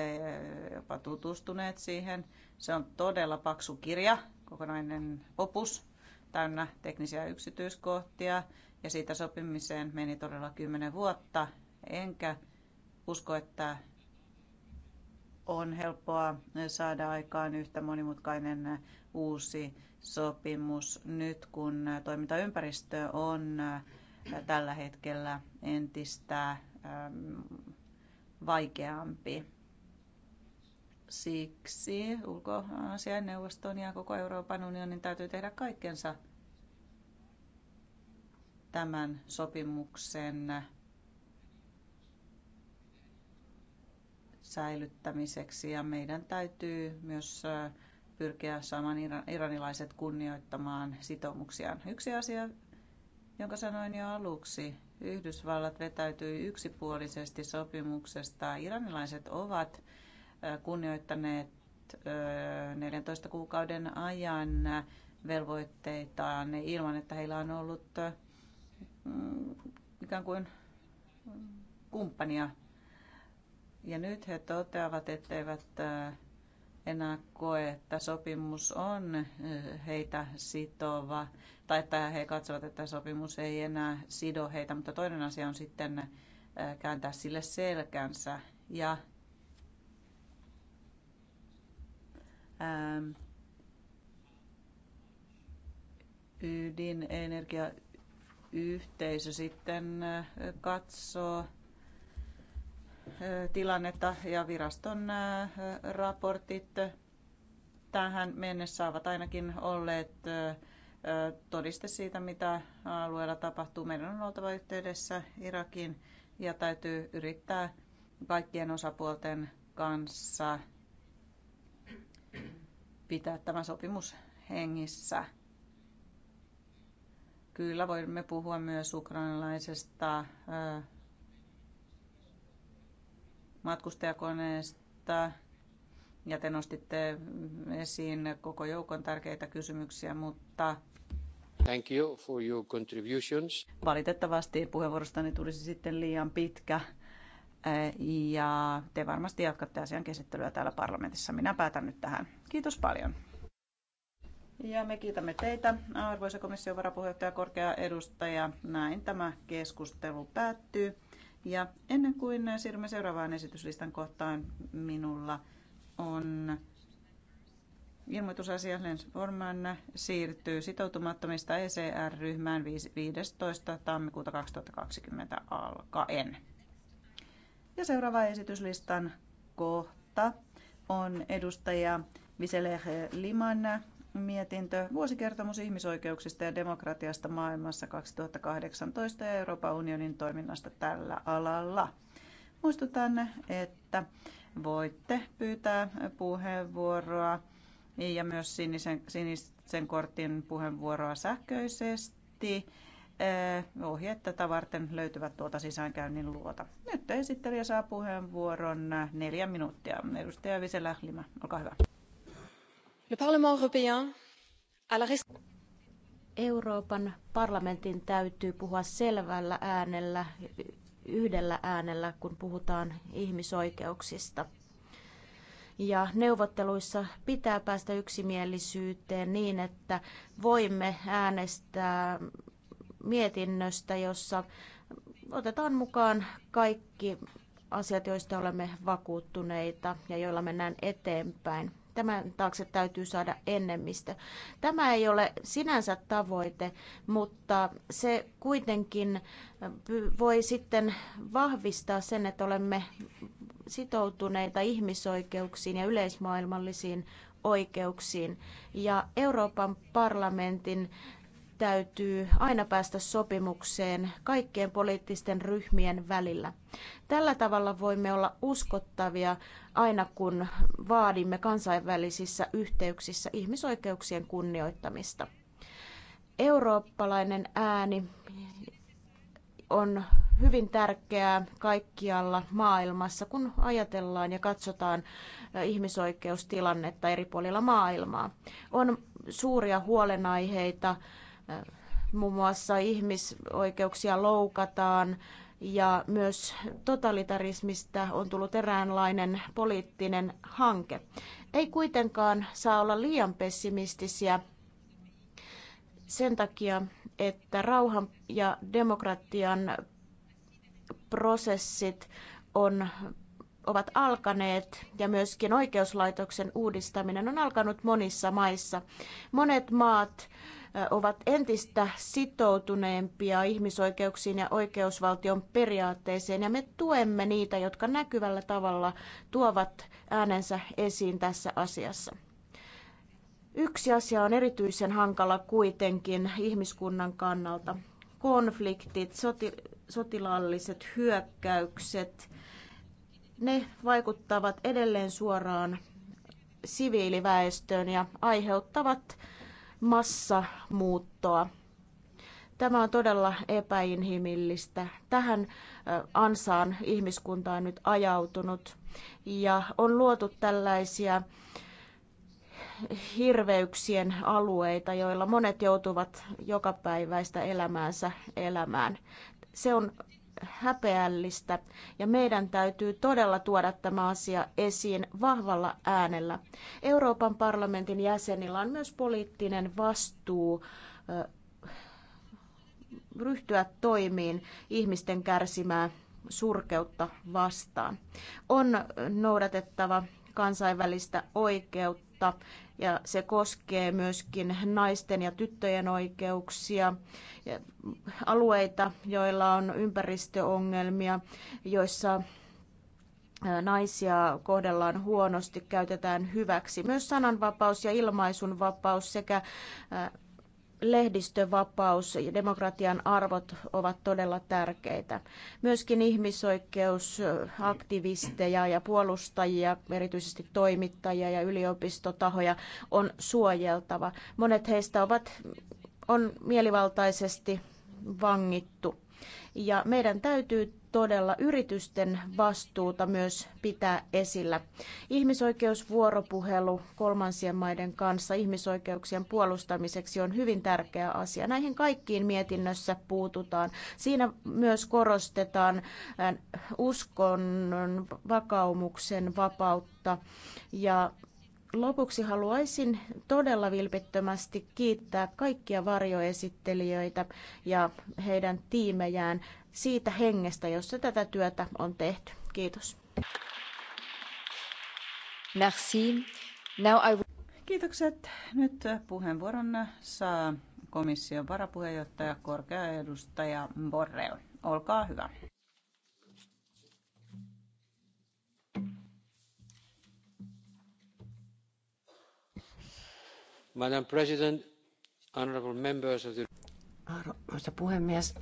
olette jopa tutustuneet siihen. Se on todella paksu kirja, kokonainen opus, täynnä teknisiä yksityiskohtia ja siitä sopimiseen meni todella kymmenen vuotta. Enkä usko, että on helppoa saada aikaan yhtä monimutkainen uusi sopimus nyt, kun toimintaympäristö on äh, tällä hetkellä entistä vaikeampi. Siksi ulkoasiainneuvoston ja koko Euroopan unionin täytyy tehdä kaikkensa tämän sopimuksen säilyttämiseksi ja meidän täytyy myös äh, pyrkiä saamaan iranilaiset kunnioittamaan sitoumuksiaan. Yksi asia, jonka sanoin jo aluksi, Yhdysvallat vetäytyi yksipuolisesti sopimuksesta. Iranilaiset ovat kunnioittaneet 14 kuukauden ajan velvoitteitaan ilman, että heillä on ollut ikään kuin kumppania. Ja nyt he toteavat, etteivät enää koe, että sopimus on heitä sitova, tai että he katsovat, että sopimus ei enää sido heitä, mutta toinen asia on sitten kääntää sille selkänsä ja Ähm, ydinenergiayhteisö sitten äh, katsoo äh, tilannetta ja viraston äh, raportit tähän mennessä ovat ainakin olleet todiste siitä, mitä alueella tapahtuu. Meidän on oltava yhteydessä Irakin ja täytyy yrittää kaikkien osapuolten kanssa pitää tämä sopimus hengissä. Kyllä voimme puhua myös ukrainalaisesta matkustajakoneesta. Ja te nostitte esiin koko joukon tärkeitä kysymyksiä, mutta Thank you for your contributions. valitettavasti puheenvuorostani tulisi sitten liian pitkä ja te varmasti jatkatte asian käsittelyä täällä parlamentissa. Minä päätän nyt tähän. Kiitos paljon. Ja me kiitämme teitä, arvoisa komission varapuheenjohtaja korkea edustaja. Näin tämä keskustelu päättyy. Ja ennen kuin siirrymme seuraavaan esityslistan kohtaan, minulla on ilmoitusasia Lens siirtyy sitoutumattomista ECR-ryhmään 15. tammikuuta 2020 alkaen. Ja seuraava esityslistan kohta on edustaja Viseleh Liman mietintö Vuosikertomus ihmisoikeuksista ja demokratiasta maailmassa 2018 ja Euroopan unionin toiminnasta tällä alalla. Muistutan, että voitte pyytää puheenvuoroa ja myös sinisen, sinisen kortin puheenvuoroa sähköisesti ohjeet tätä varten löytyvät tuolta sisäänkäynnin luota. Nyt esittelijä saa puheenvuoron neljä minuuttia. Edustaja Visela Lima, olkaa hyvä. Le Parlement européen à la Euroopan parlamentin täytyy puhua selvällä äänellä, yhdellä äänellä, kun puhutaan ihmisoikeuksista. Ja neuvotteluissa pitää päästä yksimielisyyteen niin, että voimme äänestää mietinnöstä, jossa otetaan mukaan kaikki asiat, joista olemme vakuuttuneita ja joilla mennään eteenpäin. Tämän taakse täytyy saada enemmistö. Tämä ei ole sinänsä tavoite, mutta se kuitenkin voi sitten vahvistaa sen, että olemme sitoutuneita ihmisoikeuksiin ja yleismaailmallisiin oikeuksiin. Ja Euroopan parlamentin täytyy aina päästä sopimukseen kaikkien poliittisten ryhmien välillä. Tällä tavalla voimme olla uskottavia aina kun vaadimme kansainvälisissä yhteyksissä ihmisoikeuksien kunnioittamista. Eurooppalainen ääni on hyvin tärkeää kaikkialla maailmassa, kun ajatellaan ja katsotaan ihmisoikeustilannetta eri puolilla maailmaa. On suuria huolenaiheita muun muassa ihmisoikeuksia loukataan ja myös totalitarismista on tullut eräänlainen poliittinen hanke. Ei kuitenkaan saa olla liian pessimistisiä sen takia, että rauhan ja demokratian prosessit on, ovat alkaneet ja myöskin oikeuslaitoksen uudistaminen on alkanut monissa maissa. Monet maat ovat entistä sitoutuneempia ihmisoikeuksiin ja oikeusvaltion periaatteeseen. Ja me tuemme niitä, jotka näkyvällä tavalla tuovat äänensä esiin tässä asiassa. Yksi asia on erityisen hankala kuitenkin ihmiskunnan kannalta. Konfliktit, soti, sotilaalliset hyökkäykset, ne vaikuttavat edelleen suoraan siviiliväestöön ja aiheuttavat massamuuttoa. Tämä on todella epäinhimillistä. Tähän ansaan ihmiskunta on nyt ajautunut ja on luotu tällaisia hirveyksien alueita, joilla monet joutuvat jokapäiväistä elämäänsä elämään. Se on häpeällistä ja meidän täytyy todella tuoda tämä asia esiin vahvalla äänellä. Euroopan parlamentin jäsenillä on myös poliittinen vastuu ryhtyä toimiin ihmisten kärsimää surkeutta vastaan. On noudatettava kansainvälistä oikeutta ja se koskee myöskin naisten ja tyttöjen oikeuksia, alueita, joilla on ympäristöongelmia, joissa naisia kohdellaan huonosti, käytetään hyväksi. Myös sananvapaus ja ilmaisunvapaus sekä lehdistövapaus ja demokratian arvot ovat todella tärkeitä. Myöskin ihmisoikeusaktivisteja ja puolustajia, erityisesti toimittajia ja yliopistotahoja on suojeltava. Monet heistä ovat on mielivaltaisesti vangittu. Ja meidän täytyy todella yritysten vastuuta myös pitää esillä. Ihmisoikeusvuoropuhelu kolmansien maiden kanssa ihmisoikeuksien puolustamiseksi on hyvin tärkeä asia. Näihin kaikkiin mietinnössä puututaan. Siinä myös korostetaan äh, uskon vakaumuksen vapautta ja Lopuksi haluaisin todella vilpittömästi kiittää kaikkia varjoesittelijöitä ja heidän tiimejään siitä hengestä, jossa tätä työtä on tehty. Kiitos. Merci. Now I... Kiitokset. Nyt puheenvuoron saa komission varapuheenjohtaja, korkea edustaja Borrell. Olkaa hyvä. Arvoisa puhemies,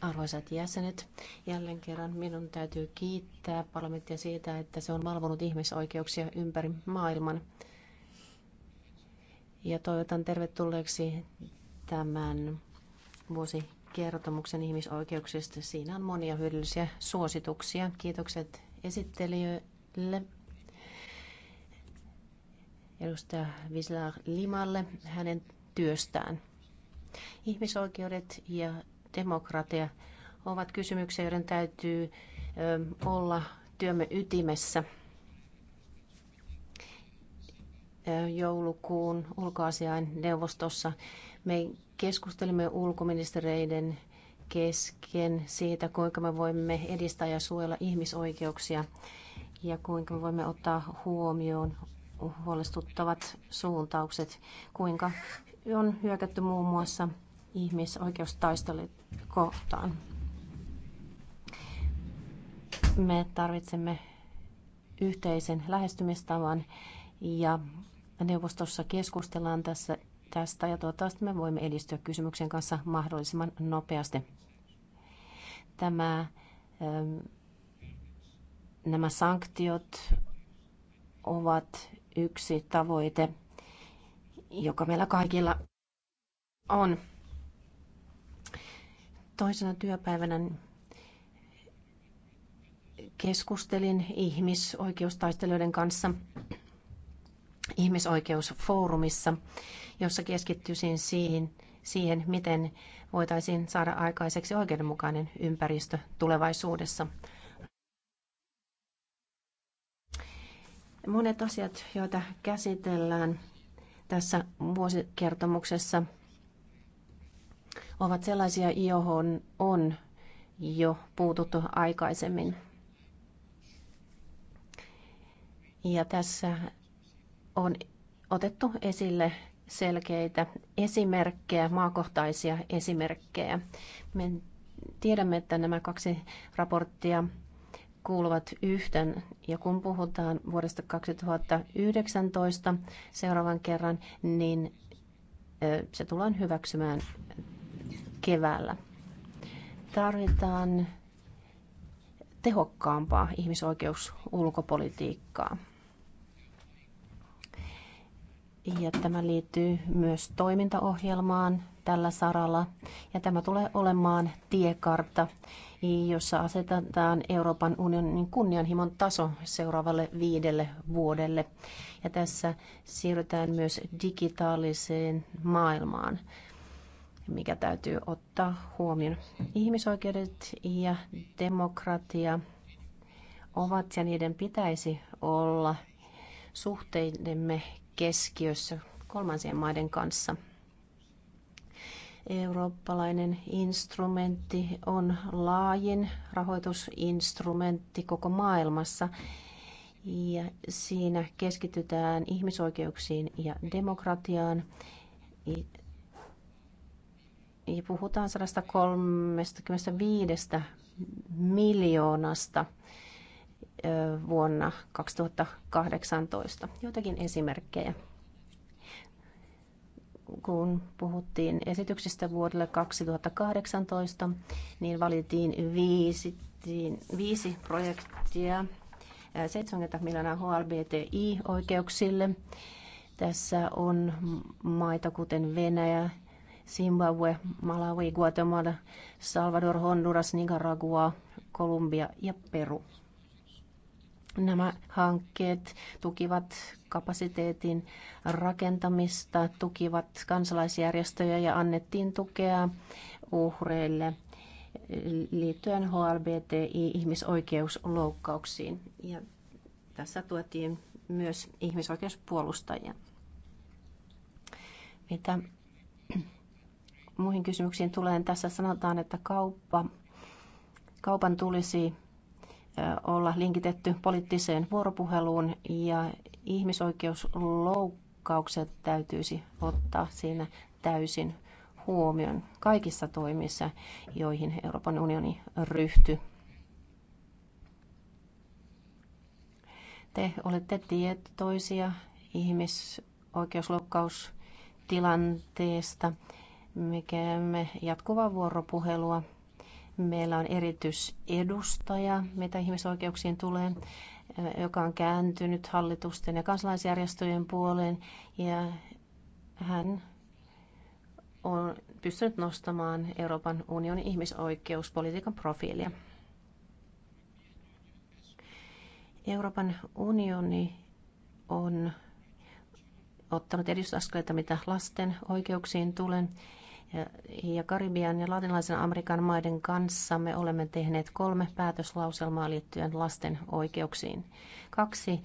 Arvoisat jäsenet, jälleen kerran minun täytyy kiittää parlamenttia siitä, että se on valvonut ihmisoikeuksia ympäri maailman. Ja toivotan tervetulleeksi tämän vuosikertomuksen ihmisoikeuksista. Siinä on monia hyödyllisiä suosituksia. Kiitokset esittelijöille edustaja Vislar Limalle hänen työstään. Ihmisoikeudet ja demokratia ovat kysymyksiä, joiden täytyy olla työmme ytimessä. Joulukuun ulkoasiain neuvostossa me keskustelimme ulkoministereiden kesken siitä, kuinka me voimme edistää ja suojella ihmisoikeuksia ja kuinka me voimme ottaa huomioon huolestuttavat suuntaukset, kuinka on hyökätty muun muassa ihmisoikeustaistelut kohtaan. Me tarvitsemme yhteisen lähestymistavan ja neuvostossa keskustellaan tässä, tästä ja toivottavasti me voimme edistyä kysymyksen kanssa mahdollisimman nopeasti. Tämä, ähm, nämä sanktiot ovat yksi tavoite, joka meillä kaikilla on. Toisena työpäivänä keskustelin ihmisoikeustaistelijoiden kanssa ihmisoikeusfoorumissa, jossa keskittyisin siihen, siihen, miten voitaisiin saada aikaiseksi oikeudenmukainen ympäristö tulevaisuudessa. Monet asiat, joita käsitellään tässä vuosikertomuksessa, ovat sellaisia, johon on jo puututtu aikaisemmin. Ja tässä on otettu esille selkeitä esimerkkejä, maakohtaisia esimerkkejä. Me tiedämme, että nämä kaksi raporttia kuuluvat yhteen. Ja kun puhutaan vuodesta 2019 seuraavan kerran, niin se tullaan hyväksymään keväällä. Tarvitaan tehokkaampaa ihmisoikeusulkopolitiikkaa. Ja tämä liittyy myös toimintaohjelmaan, tällä saralla. Ja tämä tulee olemaan tiekartta, jossa asetetaan Euroopan unionin kunnianhimon taso seuraavalle viidelle vuodelle. Ja tässä siirrytään myös digitaaliseen maailmaan mikä täytyy ottaa huomioon. Ihmisoikeudet ja demokratia ovat ja niiden pitäisi olla suhteidemme keskiössä kolmansien maiden kanssa. Eurooppalainen instrumentti on laajin rahoitusinstrumentti koko maailmassa ja siinä keskitytään ihmisoikeuksiin ja demokratiaan. Ja puhutaan 135 miljoonasta vuonna 2018. Joitakin esimerkkejä kun puhuttiin esityksistä vuodelle 2018, niin valittiin viisi, viisi projektia 70 miljoonaa HLBTI-oikeuksille. Tässä on maita kuten Venäjä, Zimbabwe, Malawi, Guatemala, Salvador, Honduras, Nicaragua, Kolumbia ja Peru. Nämä hankkeet tukivat kapasiteetin rakentamista, tukivat kansalaisjärjestöjä ja annettiin tukea uhreille liittyen HLBTI-ihmisoikeusloukkauksiin. Ja tässä tuotiin myös ihmisoikeuspuolustajia. Mitä muihin kysymyksiin tulee, niin tässä sanotaan, että kauppa, kaupan tulisi olla linkitetty poliittiseen vuoropuheluun ja ihmisoikeusloukkaukset täytyisi ottaa siinä täysin huomioon kaikissa toimissa, joihin Euroopan unioni ryhtyy. Te olette tietoisia ihmisoikeusloukkaustilanteesta. Me käymme jatkuvaa vuoropuhelua Meillä on erityisedustaja, mitä ihmisoikeuksiin tulee, joka on kääntynyt hallitusten ja kansalaisjärjestöjen puoleen. Ja hän on pystynyt nostamaan Euroopan unionin ihmisoikeuspolitiikan profiilia. Euroopan unioni on ottanut edistysaskeleita, mitä lasten oikeuksiin tulee ja, ja Karibian ja latinalaisen Amerikan maiden kanssa me olemme tehneet kolme päätöslauselmaa liittyen lasten oikeuksiin. Kaksi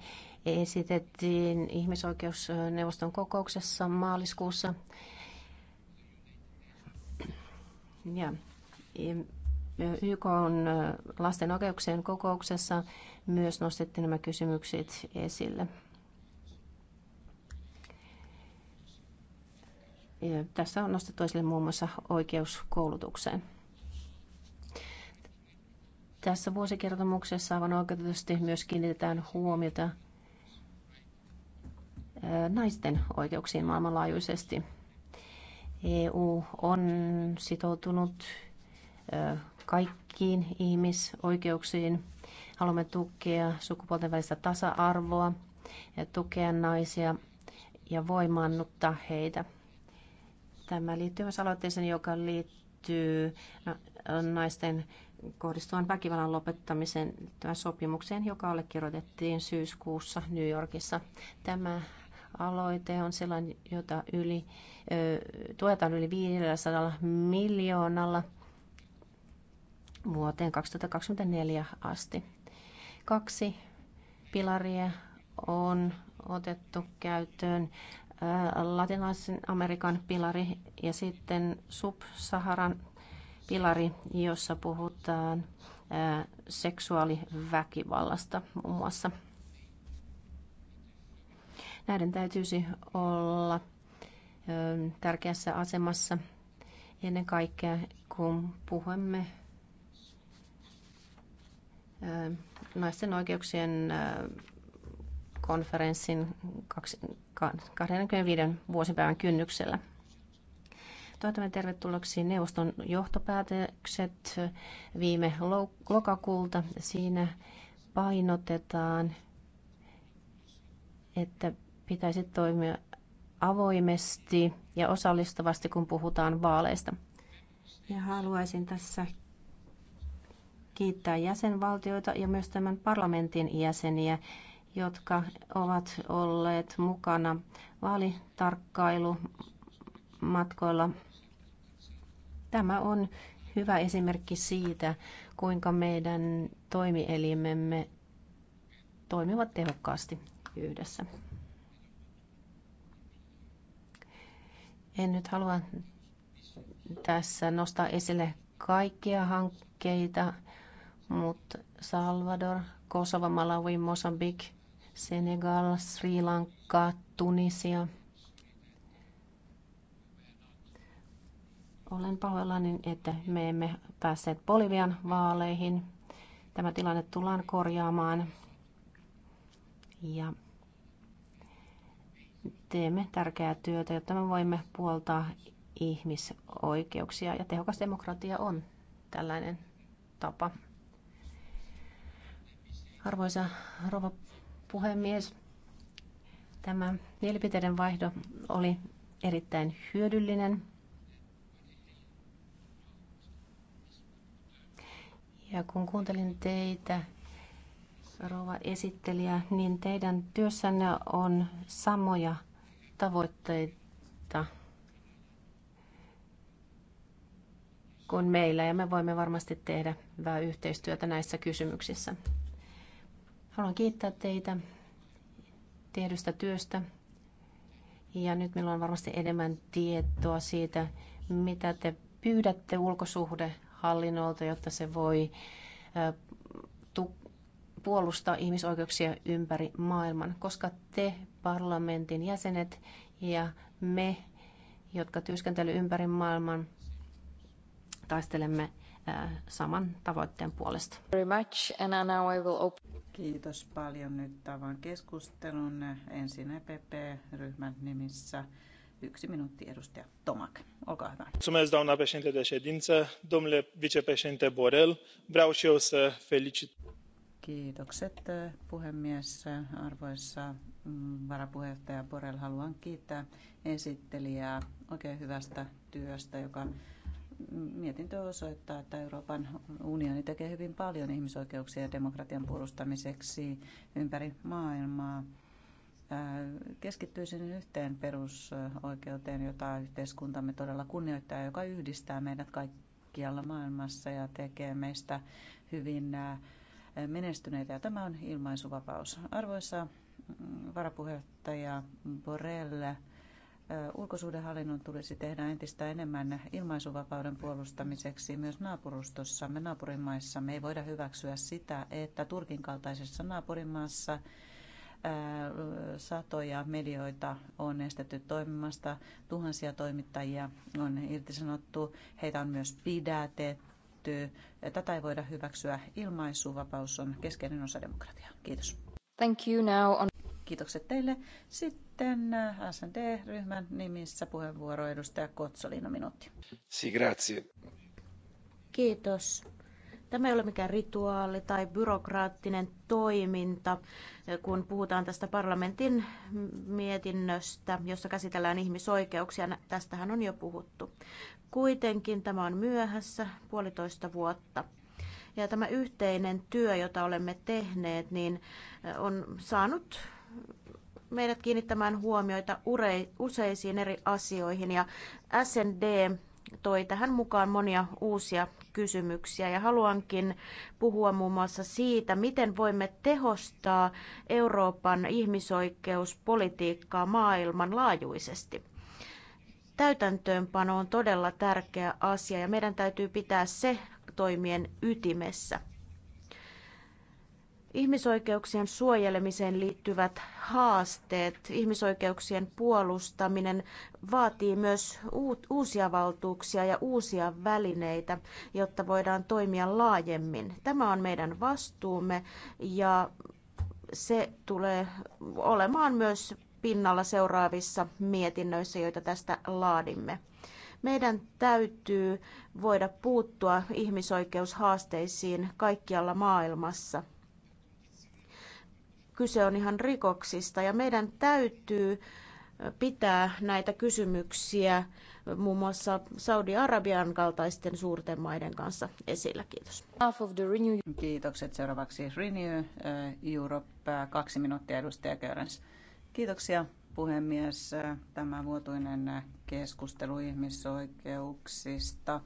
esitettiin ihmisoikeusneuvoston kokouksessa maaliskuussa. Ja YK on lasten oikeuksien kokouksessa myös nostettiin nämä kysymykset esille. Tässä on nostettu esille muun muassa oikeus koulutukseen. Tässä vuosikertomuksessa aivan oikeutetusti myös kiinnitetään huomiota naisten oikeuksiin maailmanlaajuisesti. EU on sitoutunut kaikkiin ihmisoikeuksiin. Haluamme tukea sukupuolten välistä tasa-arvoa ja tukea naisia ja voimannuttaa heitä. Tämä liittyy myös aloitteeseen, joka liittyy no, naisten kohdistuvan väkivallan lopettamiseen liittyvän sopimukseen, joka allekirjoitettiin syyskuussa New Yorkissa. Tämä aloite on sellainen, jota yli, tuetaan yli 500 miljoonalla vuoteen 2024 asti. Kaksi pilaria on otettu käyttöön. Latinalaisen Amerikan pilari ja sitten Sub-Saharan pilari, jossa puhutaan seksuaaliväkivallasta muun muassa. Näiden täytyisi olla tärkeässä asemassa ennen kaikkea, kun puhumme naisten oikeuksien konferenssin 25 vuosipäivän kynnyksellä. Toivotamme tervetulleeksi neuvoston johtopäätökset viime lokakuulta. Siinä painotetaan, että pitäisi toimia avoimesti ja osallistavasti, kun puhutaan vaaleista. Ja haluaisin tässä kiittää jäsenvaltioita ja myös tämän parlamentin jäseniä, jotka ovat olleet mukana vaalitarkkailumatkoilla Tämä on hyvä esimerkki siitä, kuinka meidän toimielimemme toimivat tehokkaasti yhdessä. En nyt halua tässä nostaa esille kaikkia hankkeita, mutta Salvador, Kosova, Malawi, Mosambik, Senegal, Sri Lanka, Tunisia – Olen pahoillani, että me emme päässeet Bolivian vaaleihin. Tämä tilanne tullaan korjaamaan. Ja teemme tärkeää työtä, jotta me voimme puoltaa ihmisoikeuksia. Ja tehokas demokratia on tällainen tapa. Arvoisa rouva puhemies, tämä mielipiteiden vaihdo oli erittäin hyödyllinen. Ja kun kuuntelin teitä, rouva esittelijä, niin teidän työssänne on samoja tavoitteita kuin meillä, ja me voimme varmasti tehdä hyvää yhteistyötä näissä kysymyksissä. Haluan kiittää teitä tehdystä työstä. Ja nyt meillä on varmasti enemmän tietoa siitä, mitä te pyydätte ulkosuhde hallinnolta, jotta se voi puolustaa ihmisoikeuksia ympäri maailman, koska te parlamentin jäsenet ja me, jotka työskentelemme ympäri maailman, taistelemme saman tavoitteen puolesta. Very much, and now I will open... Kiitos paljon. Nyt tavan keskustelun ensin EPP-ryhmän nimissä. Yksi minuutti, edustaja Tomak. Olkaa hyvä. Mulțumesc, doamna președinte de ședință. Domnule vicepreședinte Borel, vreau și eu să felicit. Kiitokset puhemies. Arvoisa mm, varapuheenjohtaja Borel, haluan kiittää esittelijää oikein hyvästä työstä, joka mm, mietintö osoittaa, että Euroopan unioni tekee hyvin paljon ihmisoikeuksien ja demokratian puolustamiseksi ympäri maailmaa keskittyisin yhteen perusoikeuteen, jota yhteiskuntamme todella kunnioittaa ja joka yhdistää meidät kaikkialla maailmassa ja tekee meistä hyvin menestyneitä. Ja tämä on ilmaisuvapaus. Arvoisa mm, varapuheenjohtaja Borrell, ulkosuhdehallinnon tulisi tehdä entistä enemmän ilmaisuvapauden puolustamiseksi myös naapurustossamme, naapurimaissa. Me ei voida hyväksyä sitä, että Turkin kaltaisessa naapurimaassa – satoja medioita on estetty toimimasta, tuhansia toimittajia on irtisanottu, heitä on myös pidätetty. Tätä ei voida hyväksyä. Ilmaisuvapaus on keskeinen osa demokratiaa. Kiitos. Thank you now on... Kiitokset teille. Sitten SND-ryhmän nimissä puheenvuoro edustaja Kotsolino minuutti. Si, grazie. Kiitos Tämä ei ole mikään rituaali tai byrokraattinen toiminta, kun puhutaan tästä parlamentin mietinnöstä, jossa käsitellään ihmisoikeuksia. Tästähän on jo puhuttu. Kuitenkin tämä on myöhässä puolitoista vuotta. Ja tämä yhteinen työ, jota olemme tehneet, niin on saanut meidät kiinnittämään huomioita useisiin eri asioihin. Ja SND toi tähän mukaan monia uusia kysymyksiä ja haluankin puhua muun muassa siitä, miten voimme tehostaa Euroopan ihmisoikeuspolitiikkaa maailmanlaajuisesti. Täytäntöönpano on todella tärkeä asia ja meidän täytyy pitää se toimien ytimessä. Ihmisoikeuksien suojelemiseen liittyvät haasteet, ihmisoikeuksien puolustaminen vaatii myös uusia valtuuksia ja uusia välineitä, jotta voidaan toimia laajemmin. Tämä on meidän vastuumme ja se tulee olemaan myös pinnalla seuraavissa mietinnöissä, joita tästä laadimme. Meidän täytyy voida puuttua ihmisoikeushaasteisiin kaikkialla maailmassa – kyse on ihan rikoksista ja meidän täytyy pitää näitä kysymyksiä muun muassa Saudi-Arabian kaltaisten suurten maiden kanssa esillä. Kiitos. Kiitokset. Seuraavaksi Renew eh, Europe, eh, kaksi minuuttia edustaja Körens. Kiitoksia puhemies. Eh, tämä vuotuinen keskustelu ihmisoikeuksista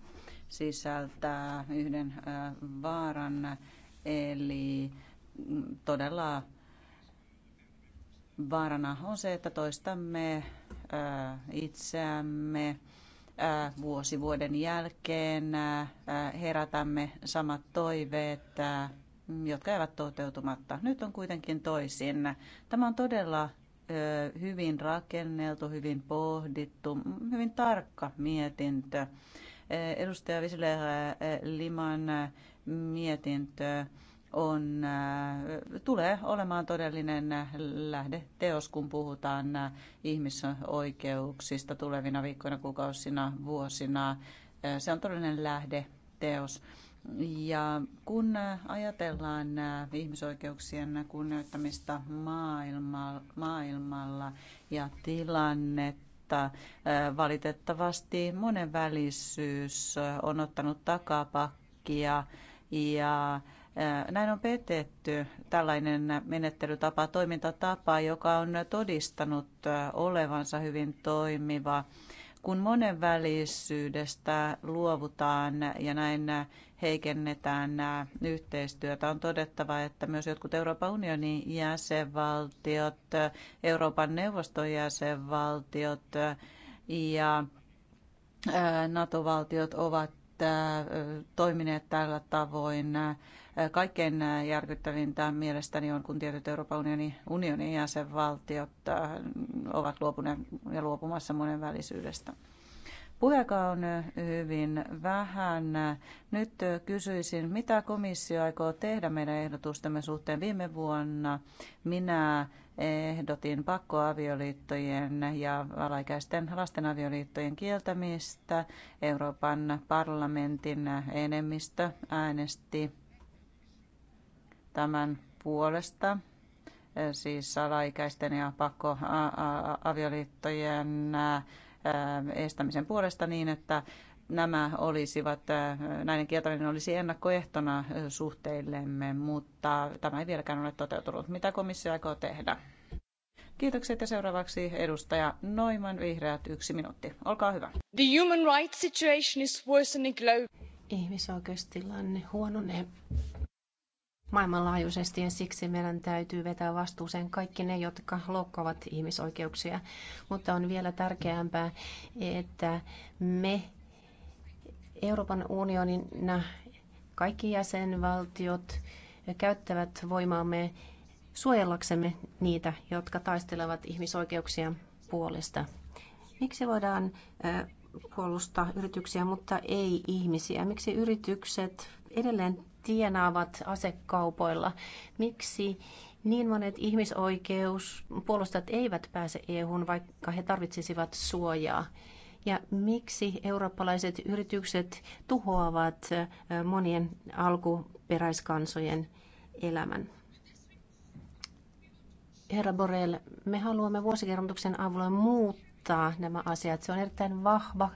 sisältää yhden vaaran, eli mm, todella vaarana on se, että toistamme äh, itseämme äh, vuosi vuoden jälkeen, äh, herätämme samat toiveet, jotka eivät toteutumatta. Nyt on kuitenkin toisin. Tämä on todella hyvin rakenneltu, hyvin pohdittu, hyvin tarkka mietintö. Edustaja Visile Liman mietintö on, äh, tulee olemaan todellinen teos, kun puhutaan äh, ihmisoikeuksista tulevina viikkoina, kuukausina, vuosina. Äh, se on todellinen teos. Ja kun ajatellaan ihmisoikeuksien kunnioittamista maailmalla ja tilannetta, valitettavasti monenvälisyys on ottanut takapakkia ja näin on petetty tällainen menettelytapa, toimintatapa, joka on todistanut olevansa hyvin toimiva. Kun monenvälisyydestä luovutaan ja näin heikennetään yhteistyötä, on todettava, että myös jotkut Euroopan unionin jäsenvaltiot, Euroopan neuvoston jäsenvaltiot ja NATO-valtiot ovat toimineet tällä tavoin Kaikkein järkyttävintä mielestäni on, kun tietyt Euroopan unionin, unionin jäsenvaltiot äh, ovat luopuneet ja luopumassa monen välisyydestä. Puheka on äh, hyvin vähän. Nyt äh, kysyisin, mitä komissio aikoo tehdä meidän ehdotustamme suhteen. Viime vuonna minä ehdotin pakkoavioliittojen ja alaikäisten lasten avioliittojen kieltämistä. Euroopan parlamentin enemmistö äänesti tämän puolesta, eh, siis salaikäisten ja pakkoavioliittojen eh, estämisen puolesta niin, että nämä olisivat, eh, näiden kieltäminen olisi ennakkoehtona suhteillemme, mutta tämä ei vieläkään ole toteutunut. Mitä komissio aikoo tehdä? Kiitokset ja seuraavaksi edustaja Noiman Vihreät yksi minuutti. Olkaa hyvä. The human rights situation is worsening globally. Ihmisoikeustilanne huononee maailmanlaajuisesti ja siksi meidän täytyy vetää vastuuseen kaikki ne, jotka loukkaavat ihmisoikeuksia. Mutta on vielä tärkeämpää, että me Euroopan unionin kaikki jäsenvaltiot käyttävät voimaamme suojellaksemme niitä, jotka taistelevat ihmisoikeuksia puolesta. Miksi voidaan puolustaa yrityksiä, mutta ei ihmisiä? Miksi yritykset edelleen tienaavat asekaupoilla. Miksi niin monet ihmisoikeuspuolustajat eivät pääse EU:hun, vaikka he tarvitsisivat suojaa? Ja miksi eurooppalaiset yritykset tuhoavat monien alkuperäiskansojen elämän? Herra me haluamme vuosikertomuksen avulla muuttaa ottaa nämä asiat. Se on erittäin vahva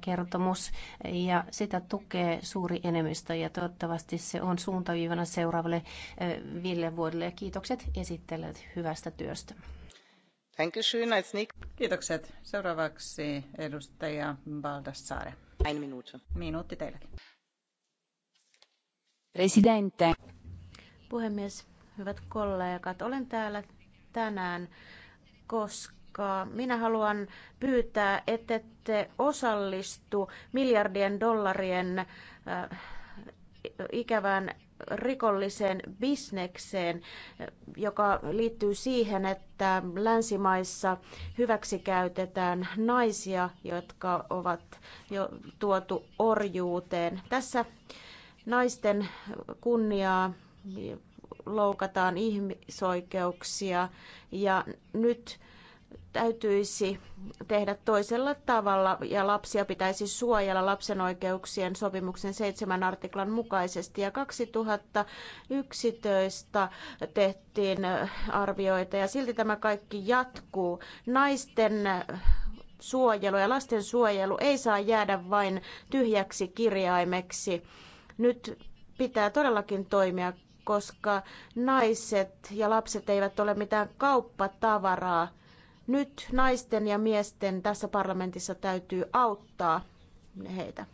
kertomus ja sitä tukee suuri enemmistö ja toivottavasti se on suuntaviivana seuraavalle Ville vuodelle. Kiitokset esittelijät hyvästä työstä. Kiitokset. Seuraavaksi edustaja Baldassare. Ein minuutti. Minuutti teillekin. Presidente. Puhemies, hyvät kollegat, olen täällä tänään, koska aikaa. Minä haluan pyytää, ettette osallistu miljardien dollarien äh, ikävään rikolliseen bisnekseen, joka liittyy siihen, että länsimaissa hyväksikäytetään naisia, jotka ovat jo tuotu orjuuteen. Tässä naisten kunniaa loukataan ihmisoikeuksia ja nyt täytyisi tehdä toisella tavalla ja lapsia pitäisi suojella lapsen oikeuksien sopimuksen 7 artiklan mukaisesti. Ja 2011 tehtiin äh, arvioita ja silti tämä kaikki jatkuu. Naisten äh, suojelu ja lasten suojelu ei saa jäädä vain tyhjäksi kirjaimeksi. Nyt pitää todellakin toimia, koska naiset ja lapset eivät ole mitään kauppatavaraa nyt naisten ja miesten tässä parlamentissa täytyy auttaa heitä.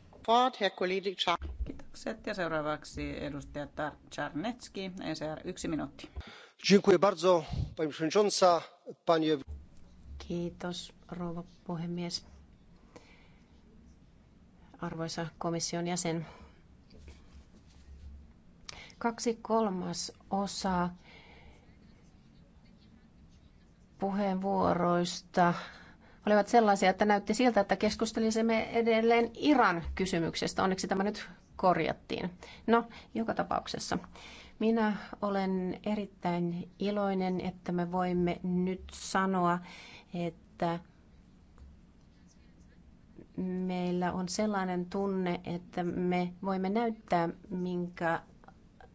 Kiitokset ja seuraavaksi edustaja Czarnecki, ECR, yksi minuutti. Dziękuję bardzo, pani przewodnicząca, panie... Kiitos, rouva puhemies. Arvoisa komission jäsen, kaksi kolmas osaa puheenvuoroista olivat sellaisia, että näytti siltä, että keskustelisimme edelleen Iran kysymyksestä. Onneksi tämä nyt korjattiin. No, joka tapauksessa. Minä olen erittäin iloinen, että me voimme nyt sanoa, että meillä on sellainen tunne, että me voimme näyttää, minkä,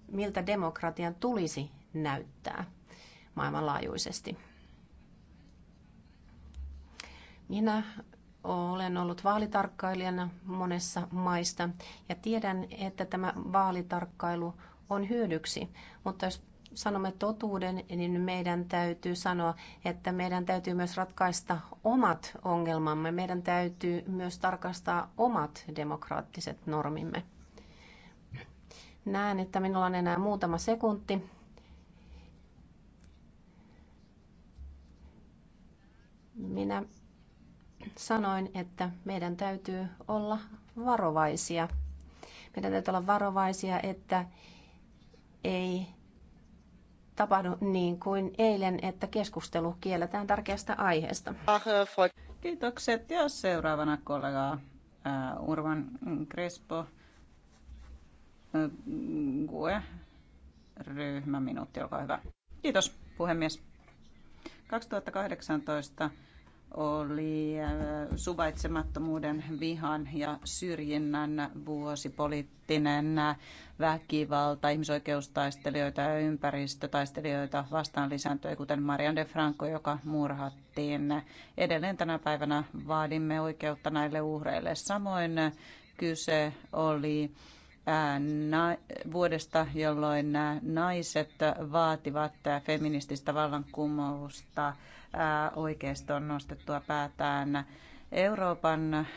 miltä demokratian tulisi näyttää maailmanlaajuisesti. Minä olen ollut vaalitarkkailijana monessa maista ja tiedän, että tämä vaalitarkkailu on hyödyksi. Mutta jos sanomme totuuden, niin meidän täytyy sanoa, että meidän täytyy myös ratkaista omat ongelmamme. Meidän täytyy myös tarkastaa omat demokraattiset normimme. Näen, että minulla on enää muutama sekunti. Minä sanoin, että meidän täytyy olla varovaisia. Meidän täytyy olla varovaisia, että ei tapahdu niin kuin eilen, että keskustelu kielletään tärkeästä aiheesta. Kiitokset ja seuraavana kollegaa äh, Urvan Crespo äh, Gue. Ryhmä minuutti, olkaa hyvä. Kiitos puhemies. 2018 oli äh, suvaitsemattomuuden, vihan ja syrjinnän vuosi, poliittinen väkivalta, ihmisoikeustaistelijoita ja ympäristötaistelijoita vastaan lisääntyi, kuten Marianne de Franco, joka murhattiin. Edelleen tänä päivänä vaadimme oikeutta näille uhreille. Samoin kyse oli vuodesta, jolloin naiset vaativat feminististä vallankumousta oikeiston nostettua päätään. Euroopan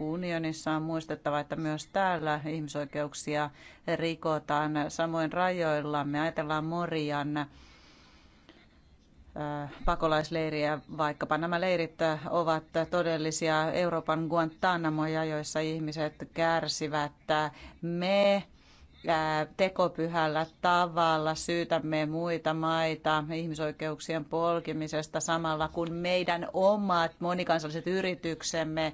unionissa on muistettava, että myös täällä ihmisoikeuksia rikotaan. Samoin rajoilla me ajatellaan Morian Äh, pakolaisleiriä, vaikkapa nämä leirit äh, ovat todellisia Euroopan Guantanamoja, joissa ihmiset kärsivät. Me äh, tekopyhällä tavalla syytämme muita maita ihmisoikeuksien polkimisesta samalla kun meidän omat monikansalliset yrityksemme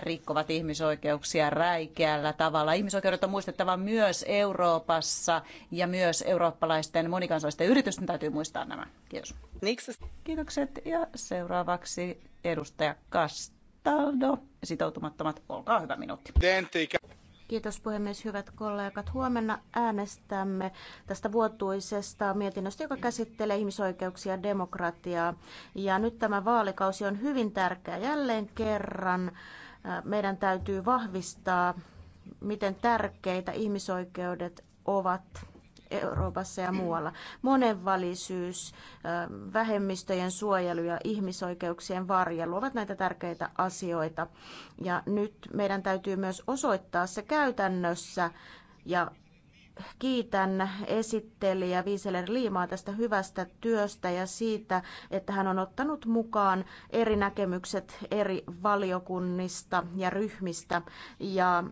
rikkovat ihmisoikeuksia räikeällä tavalla. Ihmisoikeudet on muistettava myös Euroopassa ja myös eurooppalaisten monikansallisten yritysten täytyy muistaa nämä. Kiitos. Kiitokset ja seuraavaksi edustaja Castaldo. Sitoutumattomat, olkaa hyvä minuutti. Kiitos puhemies, hyvät kollegat. Huomenna äänestämme tästä vuotuisesta mietinnöstä, joka käsittelee ihmisoikeuksia ja demokratiaa. Ja nyt tämä vaalikausi on hyvin tärkeä jälleen kerran. Äh, meidän täytyy vahvistaa, miten tärkeitä ihmisoikeudet ovat Euroopassa ja muualla. Monenvälisyys, vähemmistöjen suojelu ja ihmisoikeuksien varjelu ovat näitä tärkeitä asioita. Ja nyt meidän täytyy myös osoittaa se käytännössä ja kiitän esittelijä Viiseler Liimaa tästä hyvästä työstä ja siitä, että hän on ottanut mukaan eri näkemykset eri valiokunnista ja ryhmistä ja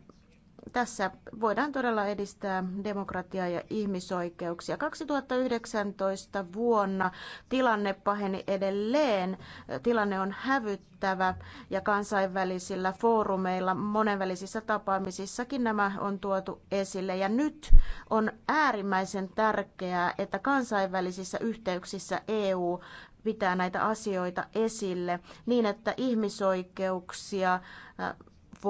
tässä voidaan todella edistää demokratiaa ja ihmisoikeuksia. 2019 vuonna tilanne paheni edelleen. Tilanne on hävyttävä ja kansainvälisillä foorumeilla, monenvälisissä tapaamisissakin nämä on tuotu esille. Ja nyt on äärimmäisen tärkeää, että kansainvälisissä yhteyksissä EU pitää näitä asioita esille niin, että ihmisoikeuksia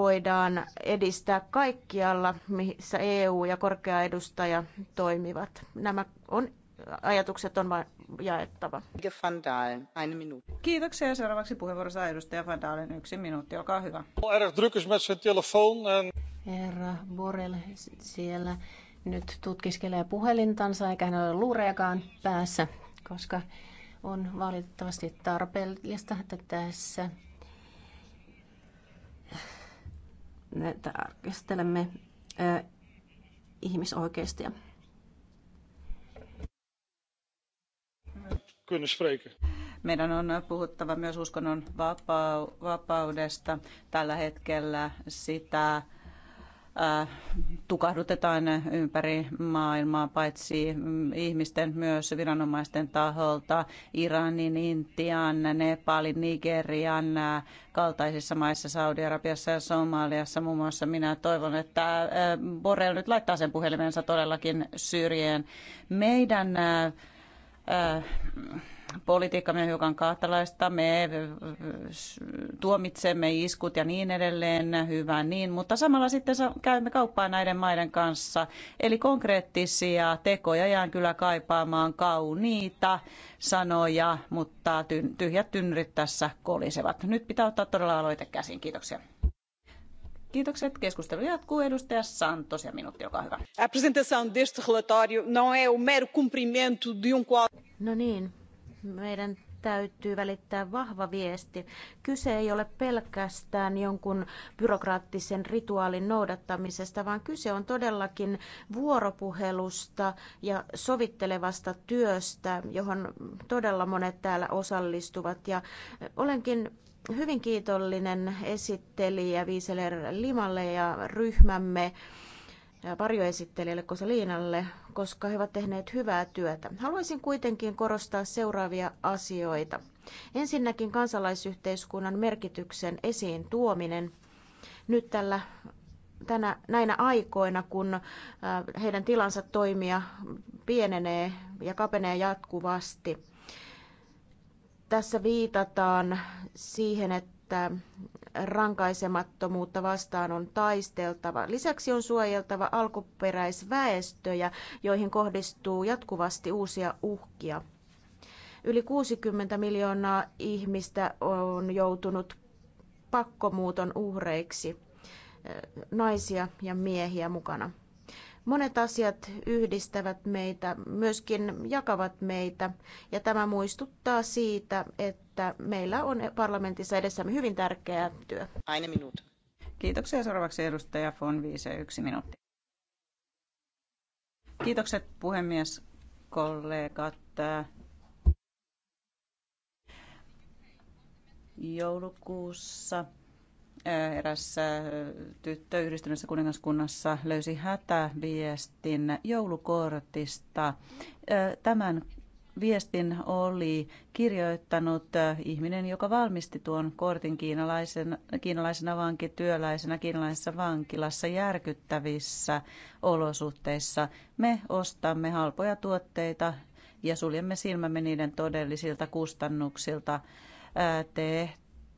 voidaan edistää kaikkialla, missä EU ja korkea edustaja toimivat. Nämä on, ajatukset on jaettava. Kiitoksia. Seuraavaksi saa edustaja Van Dalen. Yksi minuutti, olkaa hyvä. Herra Borel siellä nyt tutkiskelee puhelintansa eikä hän ole luurejakaan päässä, koska on valitettavasti tarpeellista, että tässä tarkastelemme ihmisoikeuksia. Meidän on puhuttava myös uskonnon vapaudesta. Tällä hetkellä sitä tukahdutetaan ympäri maailmaa, paitsi ihmisten myös viranomaisten taholta. Iranin, Intian, Nepalin, Nigerian kaltaisissa maissa, Saudi-Arabiassa ja Somaliassa muun muassa. Minä toivon, että äh, Borrell nyt laittaa sen puhelimensa todellakin syrjeen. Meidän äh, äh politiikkamme on hiukan kahtalaista, me eh, tuomitsemme iskut ja niin edelleen, hyvä niin, mutta samalla sitten käymme kauppaa näiden maiden kanssa. Eli konkreettisia tekoja jään kyllä kaipaamaan kauniita sanoja, mutta tyhjät tynnyrit tässä kolisevat. Nyt pitää ottaa todella aloite käsiin. Kiitoksia. Kiitokset. Keskustelu jatkuu. Edustaja Santos ja minuutti, olkaa hyvä. A apresentação deste relatório não é o mero cumprimento de um quadro. No niin, meidän täytyy välittää vahva viesti. Kyse ei ole pelkästään jonkun byrokraattisen rituaalin noudattamisesta, vaan kyse on todellakin vuoropuhelusta ja sovittelevasta työstä, johon todella monet täällä osallistuvat. Ja olenkin hyvin kiitollinen esittelijä Viiseler Limalle ja ryhmämme varjoesittelijälle Koseliinalle, koska he ovat tehneet hyvää työtä. Haluaisin kuitenkin korostaa seuraavia asioita. Ensinnäkin kansalaisyhteiskunnan merkityksen esiin tuominen nyt tällä tänä, näinä aikoina, kun äh, heidän tilansa toimia pienenee ja kapenee jatkuvasti. Tässä viitataan siihen, että rankaisemattomuutta vastaan on taisteltava. Lisäksi on suojeltava alkuperäisväestöjä, joihin kohdistuu jatkuvasti uusia uhkia. Yli 60 miljoonaa ihmistä on joutunut pakkomuuton uhreiksi, naisia ja miehiä mukana. Monet asiat yhdistävät meitä, myöskin jakavat meitä, ja tämä muistuttaa siitä, että meillä on parlamentissa edessämme hyvin tärkeä työ. Aina minuutti. Kiitoksia. Seuraavaksi edustaja von Wiese, yksi minuutti. Kiitokset puhemies, kollegat. Joulukuussa eräs tyttö yhdistyneessä kuningaskunnassa löysi hätäviestin joulukortista. Tämän viestin oli kirjoittanut ihminen, joka valmisti tuon kortin kiinalaisen, kiinalaisena vankityöläisenä kiinalaisessa vankilassa järkyttävissä olosuhteissa. Me ostamme halpoja tuotteita ja suljemme silmämme niiden todellisilta kustannuksilta. Te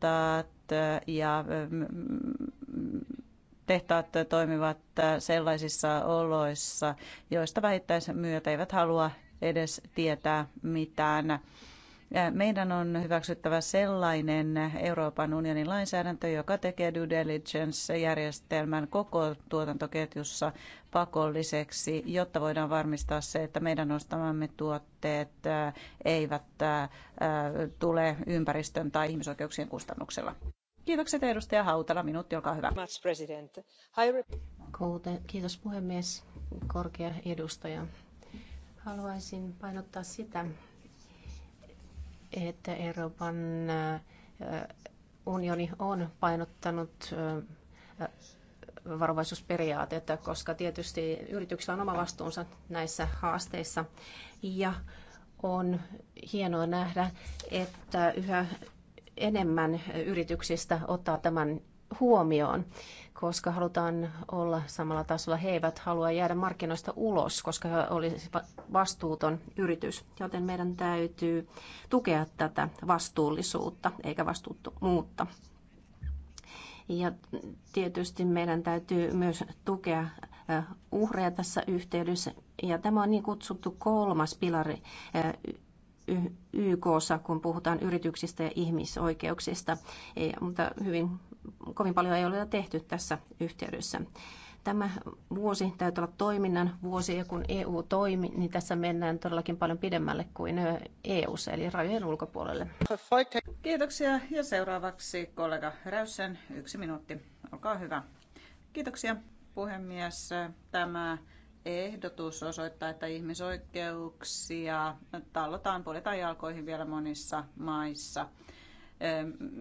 tehtaat äh, ja äh, tehtaat toimivat äh, sellaisissa oloissa, joista vähittäismyyjät eivät halua edes tietää mitään. Meidän on hyväksyttävä sellainen Euroopan unionin lainsäädäntö, joka tekee due diligence-järjestelmän koko tuotantoketjussa pakolliseksi, jotta voidaan varmistaa se, että meidän ostamamme tuotteet eivät tule ympäristön tai ihmisoikeuksien kustannuksella. Kiitokset edustaja Hautala. Minuutti, olkaa hyvä. Kiitos puhemies, korkea edustaja. Haluaisin painottaa sitä, että Euroopan äh, unioni on painottanut äh, äh, varovaisuusperiaatetta, koska tietysti yrityksillä on oma vastuunsa näissä haasteissa. Ja on hienoa nähdä, että yhä enemmän yrityksistä ottaa tämän huomioon koska halutaan olla samalla tasolla. He eivät halua jäädä markkinoista ulos, koska he olisivat vastuuton yritys. Joten meidän täytyy tukea tätä vastuullisuutta eikä vastuuttomuutta. Ja tietysti meidän täytyy myös tukea uhreja tässä yhteydessä. Ja tämä on niin kutsuttu kolmas pilari YKssa, kun puhutaan yrityksistä ja ihmisoikeuksista, Ja, mutta hyvin kovin paljon ei ole tehty tässä yhteydessä. Tämä vuosi täytyy olla toiminnan vuosi, ja kun EU toimi, niin tässä mennään todellakin paljon pidemmälle kuin eu eli rajojen ulkopuolelle. Kiitoksia, ja seuraavaksi kollega Räyssen, yksi minuutti. Olkaa hyvä. Kiitoksia, puhemies. Tämä ehdotus osoittaa, että ihmisoikeuksia tallotaan, poljetaan jalkoihin vielä monissa maissa.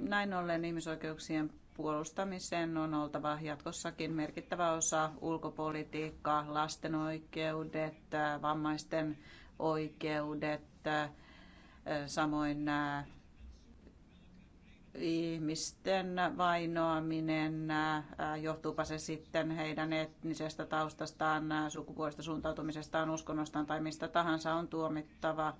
Näin ollen ihmisoikeuksien puolustamisen on oltava jatkossakin merkittävä osa ulkopolitiikkaa, lasten oikeudet, vammaisten oikeudet, samoin äh, ihmisten vainoaminen, äh, johtuupa se sitten heidän etnisestä taustastaan, äh, sukupuolesta suuntautumisestaan, uskonnostaan tai mistä tahansa on tuomittava.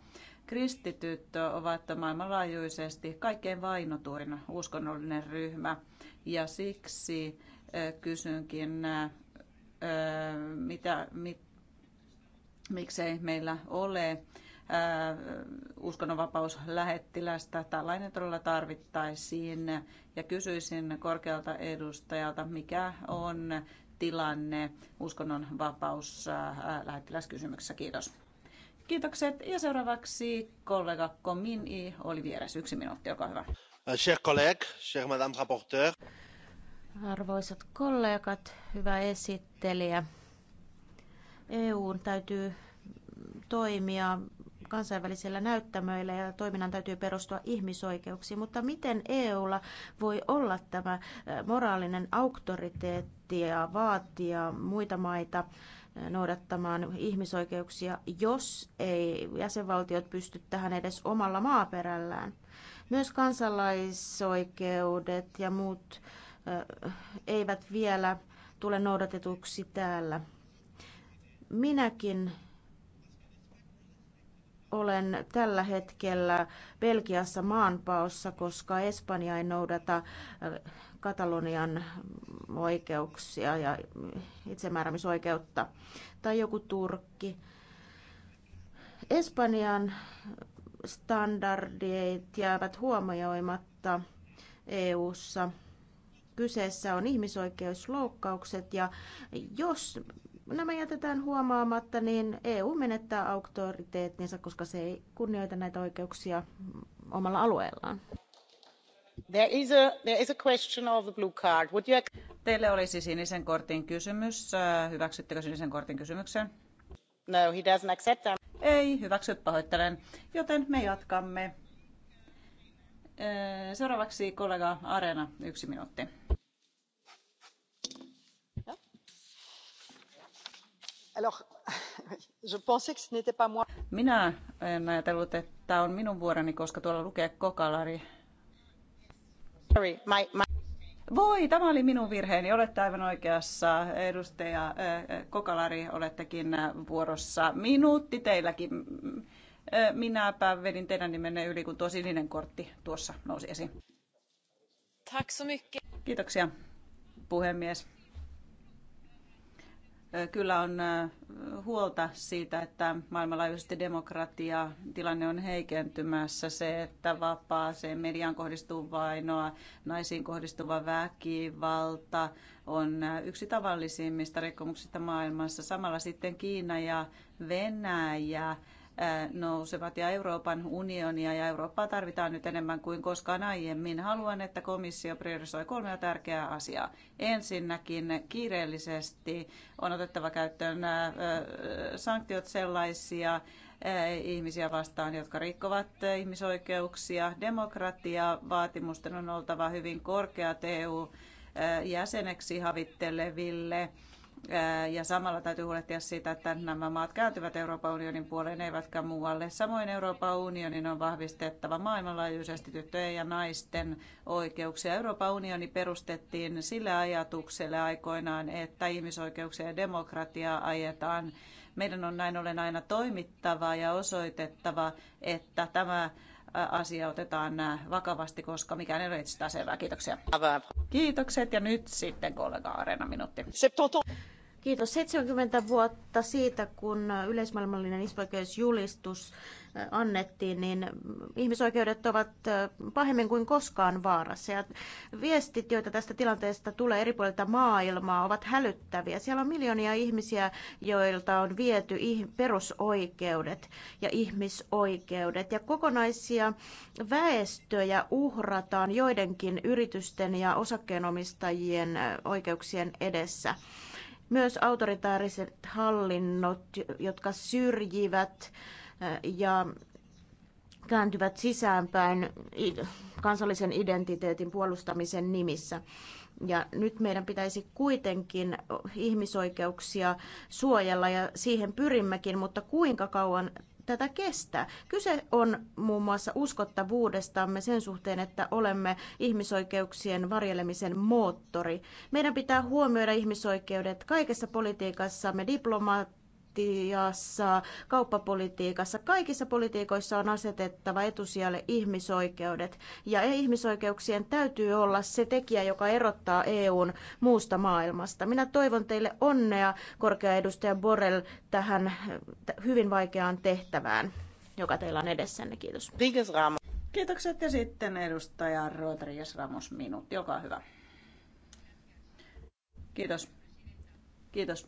Kristityt ovat maailmanlaajuisesti kaikkein vainotuin uskonnollinen ryhmä ja siksi äh, kysynkin, mitä, mit, miksei meillä ole uskonnonvapauslähettilästä. Tällainen todella tarvittaisiin. Ja kysyisin korkealta edustajalta, mikä on tilanne uskonnonvapauslähettiläskysymyksessä. Kiitos. Kiitokset. Ja seuraavaksi kollega Komin I. vieressä. Yksi minuutti, olkaa hyvä. Äh, cher collègue, cher madame rapporteur. Arvoisat kollegat, hyvä esittelijä. EUn täytyy toimia kansainvälisillä näyttämöillä ja toiminnan täytyy perustua ihmisoikeuksiin, mutta miten EUlla voi olla tämä moraalinen auktoriteetti ja vaatia muita maita noudattamaan ihmisoikeuksia, jos ei jäsenvaltiot pysty tähän edes omalla maaperällään. Myös kansalaisoikeudet ja muut eivät vielä tule noudatetuksi täällä. Minäkin olen tällä hetkellä Belgiassa maanpaossa, koska Espanja ei noudata äh, Katalonian oikeuksia ja itsemääräämisoikeutta, tai joku Turkki. Espanjan standardit jäävät huomioimatta EU:ssa. Kyseessä on ihmisoikeusloukkaukset ja jos nämä jätetään huomaamatta, niin EU menettää auktoriteettinsa, koska se ei kunnioita näitä oikeuksia omalla alueellaan. There is a, there is a question of the blue card. Would you... Teille olisi siis sinisen kortin kysymys. Äh, hyväksyttekö sinisen kortin kysymyksen? No, he doesn't accept them. Ei, hyväksy, pahoittelen. Joten me jatkamme. Äh, seuraavaksi kollega Arena, yksi minuutti. Minä en ajatellut, että on minun vuoroni, koska tuolla lukee kokalari. Sorry, my, my... Voi, tämä oli minun virheeni. Olette aivan oikeassa, edustaja eh, Kokalari, olettekin eh, vuorossa. Minuutti teilläkin. Eh, minäpä vedin teidän nimenne yli, kun tuo sininen kortti tuossa nousi esiin. Tack så mycket. Kiitoksia, puhemies kyllä on huolta siitä, että maailmanlaajuisesti demokratia tilanne on heikentymässä. Se, että vapaaseen mediaan kohdistuu vainoa, naisiin kohdistuva väkivalta on yksi tavallisimmista rikkomuksista maailmassa. Samalla sitten Kiina ja Venäjä nousevat ja Euroopan unionia ja Eurooppaa tarvitaan nyt enemmän kuin koskaan aiemmin. Haluan, että komissio priorisoi kolmea tärkeää asiaa. Ensinnäkin kiireellisesti on otettava käyttöön sanktiot sellaisia ihmisiä vastaan, jotka rikkovat ihmisoikeuksia. Demokratia vaatimusten on oltava hyvin korkeat EU-jäseneksi havitteleville ja samalla täytyy huolehtia siitä, että nämä maat kääntyvät Euroopan unionin puoleen eivätkä muualle. Samoin Euroopan unionin on vahvistettava maailmanlaajuisesti tyttöjen ja naisten oikeuksia. Euroopan unioni perustettiin sille ajatukselle aikoinaan, että ihmisoikeuksia ja demokratiaa ajetaan. Meidän on näin ollen aina toimittava ja osoitettava, että tämä asia otetaan äh, vakavasti, koska mikään ei ole selvää. Kiitoksia. Ah, Kiitokset ja nyt sitten kollega Areena minuutti. Kiitos. 70 vuotta siitä, kun yleismaailmallinen ihmisoikeusjulistus annettiin, niin ihmisoikeudet ovat pahemmin kuin koskaan vaarassa. Ja viestit, joita tästä tilanteesta tulee eri puolilta maailmaa, ovat hälyttäviä. Siellä on miljoonia ihmisiä, joilta on viety perusoikeudet ja ihmisoikeudet. Ja kokonaisia väestöjä uhrataan joidenkin yritysten ja osakkeenomistajien oikeuksien edessä myös autoritaariset hallinnot, jotka syrjivät ja kääntyvät sisäänpäin kansallisen identiteetin puolustamisen nimissä. Ja nyt meidän pitäisi kuitenkin ihmisoikeuksia suojella ja siihen pyrimmekin, mutta kuinka kauan tätä kestää. Kyse on muun muassa uskottavuudestamme sen suhteen, että olemme ihmisoikeuksien varjelemisen moottori. Meidän pitää huomioida ihmisoikeudet kaikessa politiikassamme, diplomaat diplomatiassa, kauppapolitiikassa, kaikissa politiikoissa on asetettava etusijalle ihmisoikeudet. Ja ihmisoikeuksien täytyy olla se tekijä, joka erottaa EUn muusta maailmasta. Minä toivon teille onnea, korkea edustaja Borrell, tähän hyvin vaikeaan tehtävään, joka teillä on edessänne. Kiitos. Kiitokset ja sitten edustaja Rodriguez Ramos minut, joka hyvä. Kiitos. Kiitos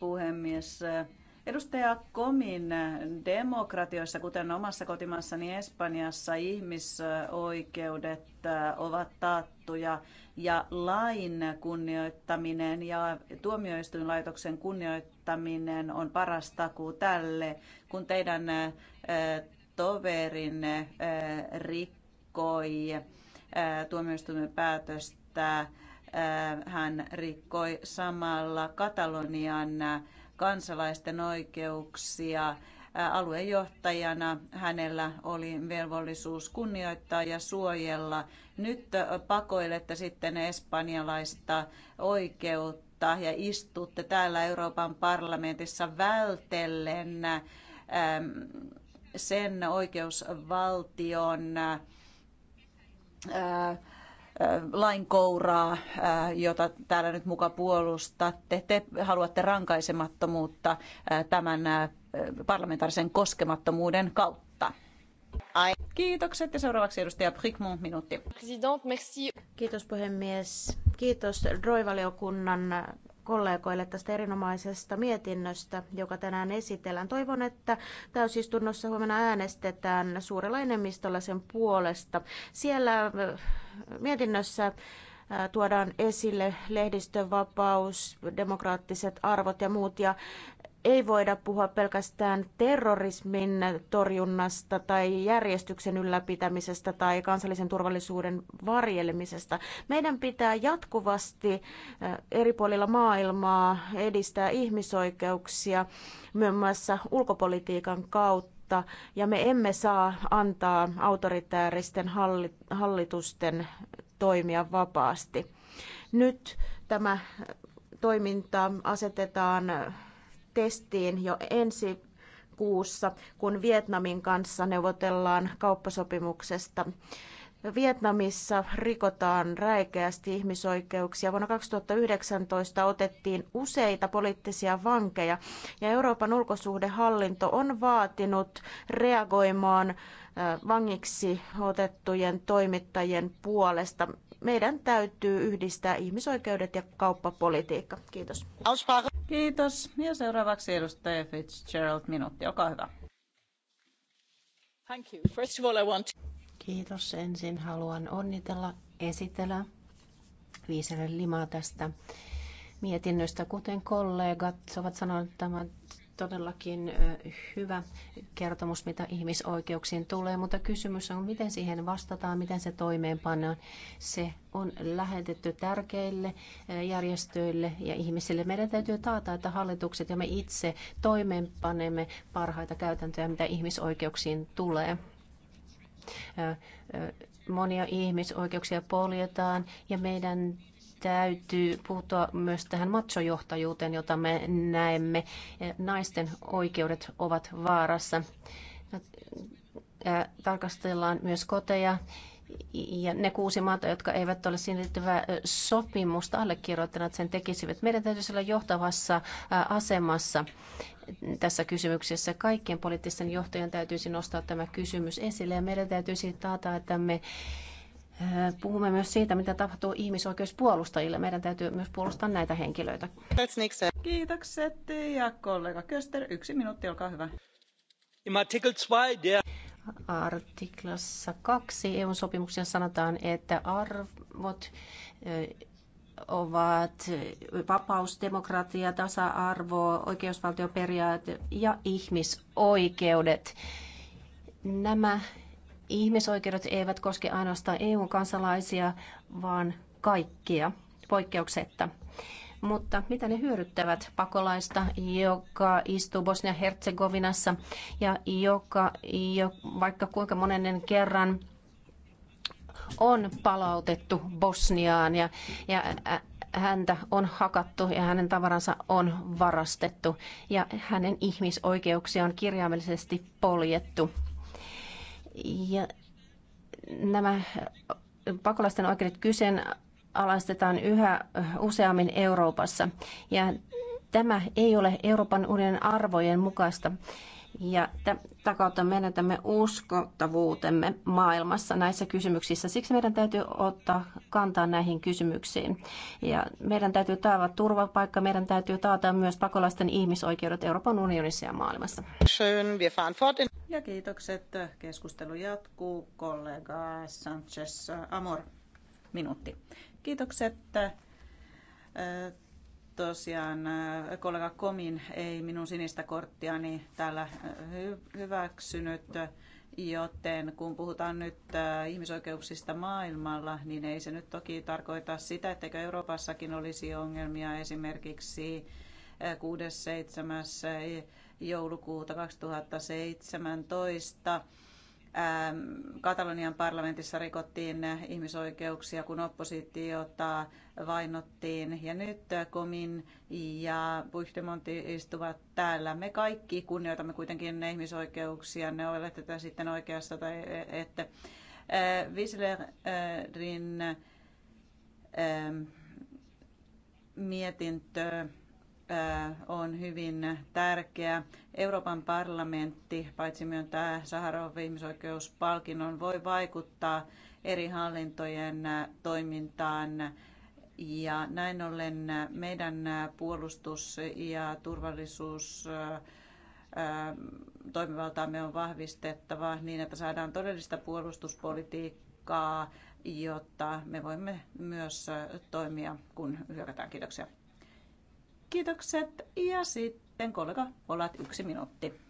puhemies. Edustaja Komin demokratioissa, kuten omassa kotimaassani Espanjassa, ihmisoikeudet äh, ovat taattuja ja lain kunnioittaminen ja tuomioistuinlaitoksen kunnioittaminen on paras takuu tälle, kun teidän äh, toverinne äh, rikkoi tuomioistuimen päätöstä Äh, hän rikkoi samalla Katalonian kansalaisten oikeuksia. Äh, aluejohtajana hänellä oli velvollisuus kunnioittaa ja suojella. Nyt pakoilette sitten espanjalaista oikeutta ja istutte täällä Euroopan parlamentissa vältellen ähm, sen oikeusvaltion äh, lainkouraa, jota täällä nyt muka puolustatte. Te haluatte rankaisemattomuutta tämän parlamentaarisen koskemattomuuden kautta. Kiitokset ja seuraavaksi edustaja Brickmont minuutti. Kiitos puhemies. Kiitos Roivaliokunnan kollegoille tästä erinomaisesta mietinnöstä, joka tänään esitellään. Toivon, että täysistunnossa huomenna äänestetään suurella enemmistöllä sen puolesta. Siellä äh, mietinnössä äh, tuodaan esille lehdistönvapaus, demokraattiset arvot ja muut. Ja ei voida puhua pelkästään terrorismin torjunnasta tai järjestyksen ylläpitämisestä tai kansallisen turvallisuuden varjelemisesta. Meidän pitää jatkuvasti eri puolilla maailmaa edistää ihmisoikeuksia muun muassa ulkopolitiikan kautta. Ja me emme saa antaa autoritääristen hallitusten toimia vapaasti. Nyt tämä toiminta asetetaan testiin jo ensi kuussa, kun Vietnamin kanssa neuvotellaan kauppasopimuksesta. Vietnamissa rikotaan räikeästi ihmisoikeuksia. Vuonna 2019 otettiin useita poliittisia vankeja ja Euroopan ulkosuhdehallinto on vaatinut reagoimaan vangiksi otettujen toimittajien puolesta meidän täytyy yhdistää ihmisoikeudet ja kauppapolitiikka. Kiitos. Kiitos. Ja seuraavaksi edustaja Fitzgerald, minuutti, olkaa hyvä. Thank you. First of all, I want... Kiitos. Ensin haluan onnitella esitellä Viiselle Limaa tästä mietinnöstä. Kuten kollegat ovat sanoneet, tämä todellakin hyvä kertomus, mitä ihmisoikeuksiin tulee, mutta kysymys on, miten siihen vastataan, miten se toimeenpannaan. Se on lähetetty tärkeille järjestöille ja ihmisille. Meidän täytyy taata, että hallitukset ja me itse toimeenpanemme parhaita käytäntöjä, mitä ihmisoikeuksiin tulee monia ihmisoikeuksia poljetaan ja meidän täytyy puuttua myös tähän machojohtajuuteen, jota me näemme. Naisten oikeudet ovat vaarassa. Äh, tarkastellaan myös koteja ja ne kuusi maata, jotka eivät ole siinä liittyvää äh, sopimusta allekirjoittaneet, sen tekisivät. Meidän täytyisi olla johtavassa äh, asemassa tässä kysymyksessä. Kaikkien poliittisten johtajien täytyisi nostaa tämä kysymys esille ja meidän täytyisi taata, että me Äh, puhumme myös siitä, mitä tapahtuu ihmisoikeuspuolustajille. Meidän täytyy myös puolustaa näitä henkilöitä. Kiitokset ja kollega Köster. Yksi minuutti, olkaa hyvä. Artiklassa kaksi eu sopimuksia sanotaan, että arvot äh, ovat vapaus, demokratia, tasa-arvo, oikeusvaltioperiaate ja ihmisoikeudet. Nämä Ihmisoikeudet eivät koske ainoastaan EU-kansalaisia, vaan kaikkia poikkeuksetta. Mutta mitä ne hyödyttävät pakolaista, joka istuu Bosnia-Herzegovinassa ja joka jo, vaikka kuinka monennen kerran on palautettu Bosniaan ja, ja häntä on hakattu ja hänen tavaransa on varastettu ja hänen ihmisoikeuksiaan kirjaimellisesti poljettu. Ja nämä pakolaisten oikeudet kyseenalaistetaan yhä useammin Euroopassa. Ja tämä ei ole Euroopan unionin arvojen mukaista. Ja tätä kautta menetämme uskottavuutemme maailmassa näissä kysymyksissä. Siksi meidän täytyy ottaa kantaa näihin kysymyksiin. Ja meidän täytyy taata turvapaikka, meidän täytyy taata myös pakolaisten ihmisoikeudet Euroopan unionissa ja maailmassa. Ja kiitokset. Keskustelu jatkuu. Kollega Sanchez Amor, minuutti. Kiitokset. Tosiaan kollega Komin ei minun sinistä korttiani täällä hyväksynyt, joten kun puhutaan nyt äh, ihmisoikeuksista maailmalla, niin ei se nyt toki tarkoita sitä, etteikö Euroopassakin olisi ongelmia esimerkiksi 6.7 äh, joulukuuta 2017. Ähm, Katalonian parlamentissa rikottiin ihmisoikeuksia, kun oppositiota vainottiin. Ja nyt Komin ja Puigdemonti istuvat täällä. Me kaikki kunnioitamme kuitenkin ne ihmisoikeuksia, ne olette tätä sitten oikeassa tai e- ette. Äh, Wieslerin ähm, mietintö on hyvin tärkeä. Euroopan parlamentti paitsi myöntää Saharov ihmisoikeuspalkinnon voi vaikuttaa eri hallintojen toimintaan ja näin ollen meidän puolustus- ja turvallisuus toimivaltaamme on vahvistettava niin, että saadaan todellista puolustuspolitiikkaa, jotta me voimme myös toimia, kun hyökätään. Kiitoksia. Kiitokset. Ja sitten kollega Olat yksi minuutti.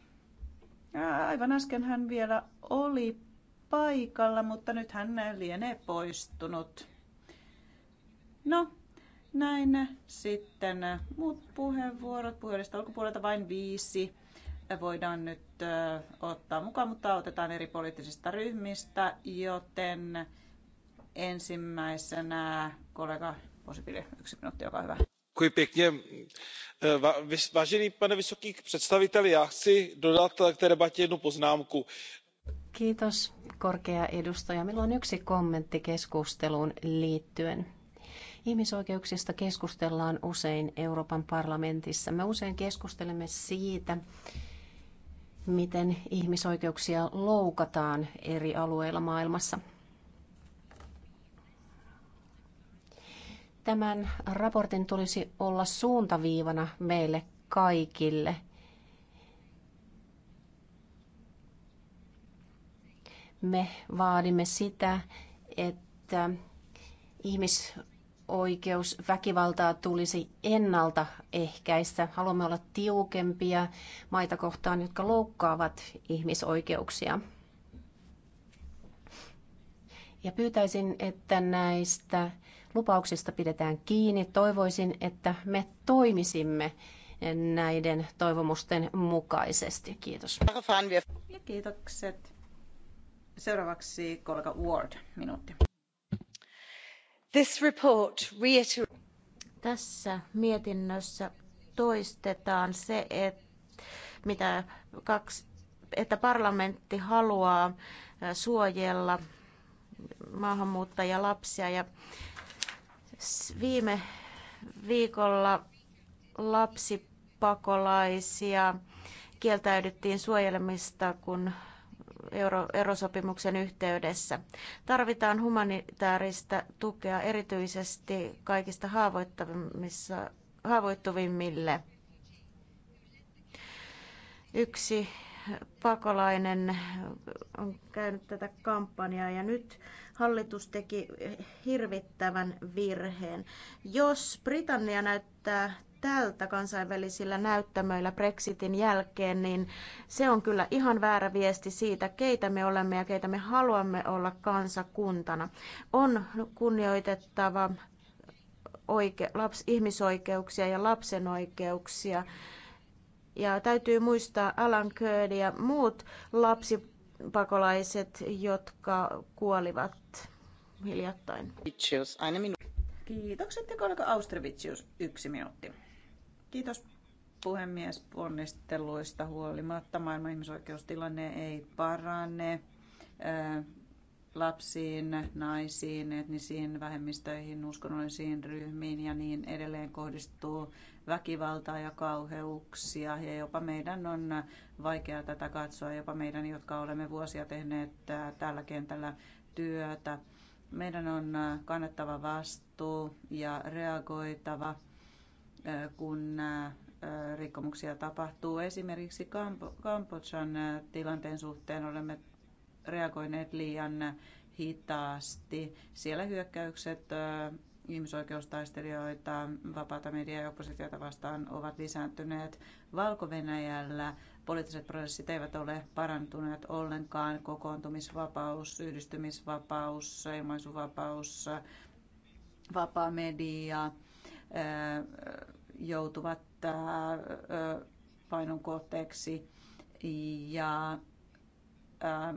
Aivan äsken hän vielä oli paikalla, mutta nyt hän lienee poistunut. No, näin sitten muut puheenvuorot. Puheenjohtajista ulkopuolelta vain viisi voidaan nyt ottaa mukaan, mutta otetaan eri poliittisista ryhmistä, joten ensimmäisenä kollega Posipili, yksi minuutti, joka hyvä. Eh, pane vysoký představiteli já chci dodat k té debatě jednu poznámku. Minulla on yksi kommentti keskusteluun liittyen. Ihmisoikeuksista keskustellaan usein Euroopan parlamentissa. Me usein keskustelemme siitä, miten ihmisoikeuksia loukataan eri alueilla maailmassa. Tämän raportin tulisi olla suuntaviivana meille kaikille. Me vaadimme sitä, että ihmisoikeusväkivaltaa tulisi ennaltaehkäistä. Haluamme olla tiukempia maita kohtaan, jotka loukkaavat ihmisoikeuksia. Ja pyytäisin, että näistä Lupauksista pidetään kiinni. Toivoisin, että me toimisimme näiden toivomusten mukaisesti. Kiitos. Ja kiitokset. Seuraavaksi kollega Ward, minuutti. This report reiter- Tässä mietinnössä toistetaan se, että, mitä kaksi, että parlamentti haluaa suojella maahanmuuttajalapsia ja Viime viikolla lapsipakolaisia kieltäydyttiin suojelemista, kun euro, erosopimuksen yhteydessä. Tarvitaan humanitaarista tukea erityisesti kaikista haavoittuvimmille. Yksi pakolainen on käynyt tätä kampanjaa ja nyt hallitus teki hirvittävän virheen. Jos Britannia näyttää tältä kansainvälisillä näyttämöillä Brexitin jälkeen, niin se on kyllä ihan väärä viesti siitä, keitä me olemme ja keitä me haluamme olla kansakuntana. On kunnioitettava oike, laps, ihmisoikeuksia ja lapsen oikeuksia ja täytyy muistaa Alan Kurd ja muut lapsipakolaiset, jotka kuolivat hiljattain. Kiitokset ja kollega Austrevitsius yksi minuutti. Kiitos puhemies ponnisteluista huolimatta maailman ihmisoikeustilanne ei parane lapsiin, naisiin, etnisiin vähemmistöihin, uskonnollisiin ryhmiin ja niin edelleen kohdistuu väkivaltaa ja kauheuksia. Ja jopa meidän on vaikea tätä katsoa, jopa meidän, jotka olemme vuosia tehneet tällä kentällä työtä. Meidän on kannettava vastuu ja reagoitava, kun rikkomuksia tapahtuu. Esimerkiksi Kambodžan tilanteen suhteen olemme reagoineet liian hitaasti. Siellä hyökkäykset ihmisoikeustaistelijoita, vapaata mediaa ja oppositiota vastaan ovat lisääntyneet. Valko-Venäjällä poliittiset prosessit eivät ole parantuneet ollenkaan. Kokoontumisvapaus, yhdistymisvapaus, ilmaisuvapaus, vapaa media joutuvat painon kohteeksi ja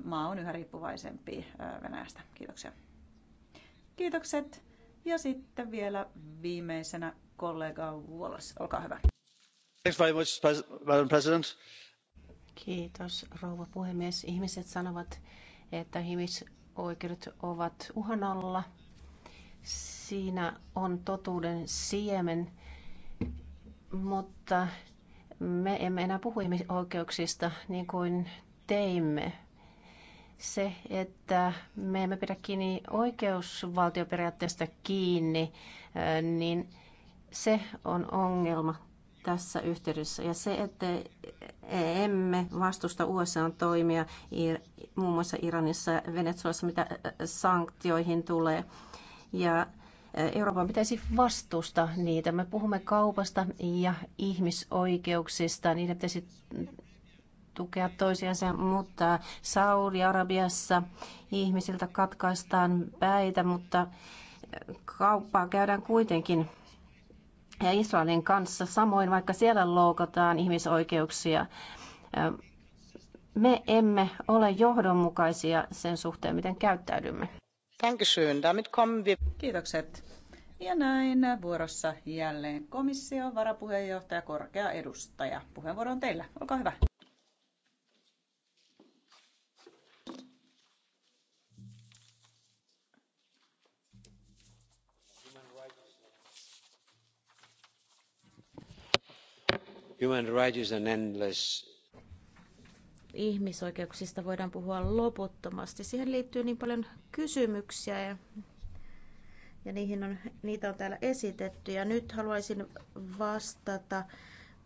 maa on yhä riippuvaisempi Venäjästä. Kiitoksia. Kiitokset. Ja sitten vielä viimeisenä kollega Wallace. Olkaa hyvä. Thanks very much, Madam President. Kiitos, rouva puhemies. Ihmiset sanovat, että ihmisoikeudet ovat uhan alla. Siinä on totuuden siemen, mutta me emme enää puhu ihmisoikeuksista niin kuin teimme se, että me emme pidä kiinni oikeusvaltioperiaatteesta kiinni, niin se on ongelma tässä yhteydessä. Ja se, että emme vastusta USAn toimia muun muassa Iranissa ja Venezuelassa, mitä sanktioihin tulee. Ja Euroopan pitäisi vastusta niitä. Me puhumme kaupasta ja ihmisoikeuksista. Niiden pitäisi tukea toisiansa, mutta Saudi-Arabiassa ihmisiltä katkaistaan päitä, mutta eh, kauppaa käydään kuitenkin ja Israelin kanssa samoin, vaikka siellä loukataan ihmisoikeuksia. Eh, me emme ole johdonmukaisia sen suhteen, miten käyttäydymme. Kiitokset. Ja näin vuorossa jälleen komission varapuheenjohtaja, korkea edustaja. Puheenvuoro on teillä. Olkaa hyvä. ihmisoikeuksista voidaan puhua loputtomasti. Siihen liittyy niin paljon kysymyksiä ja, ja niihin on, niitä on täällä esitetty. Ja nyt haluaisin vastata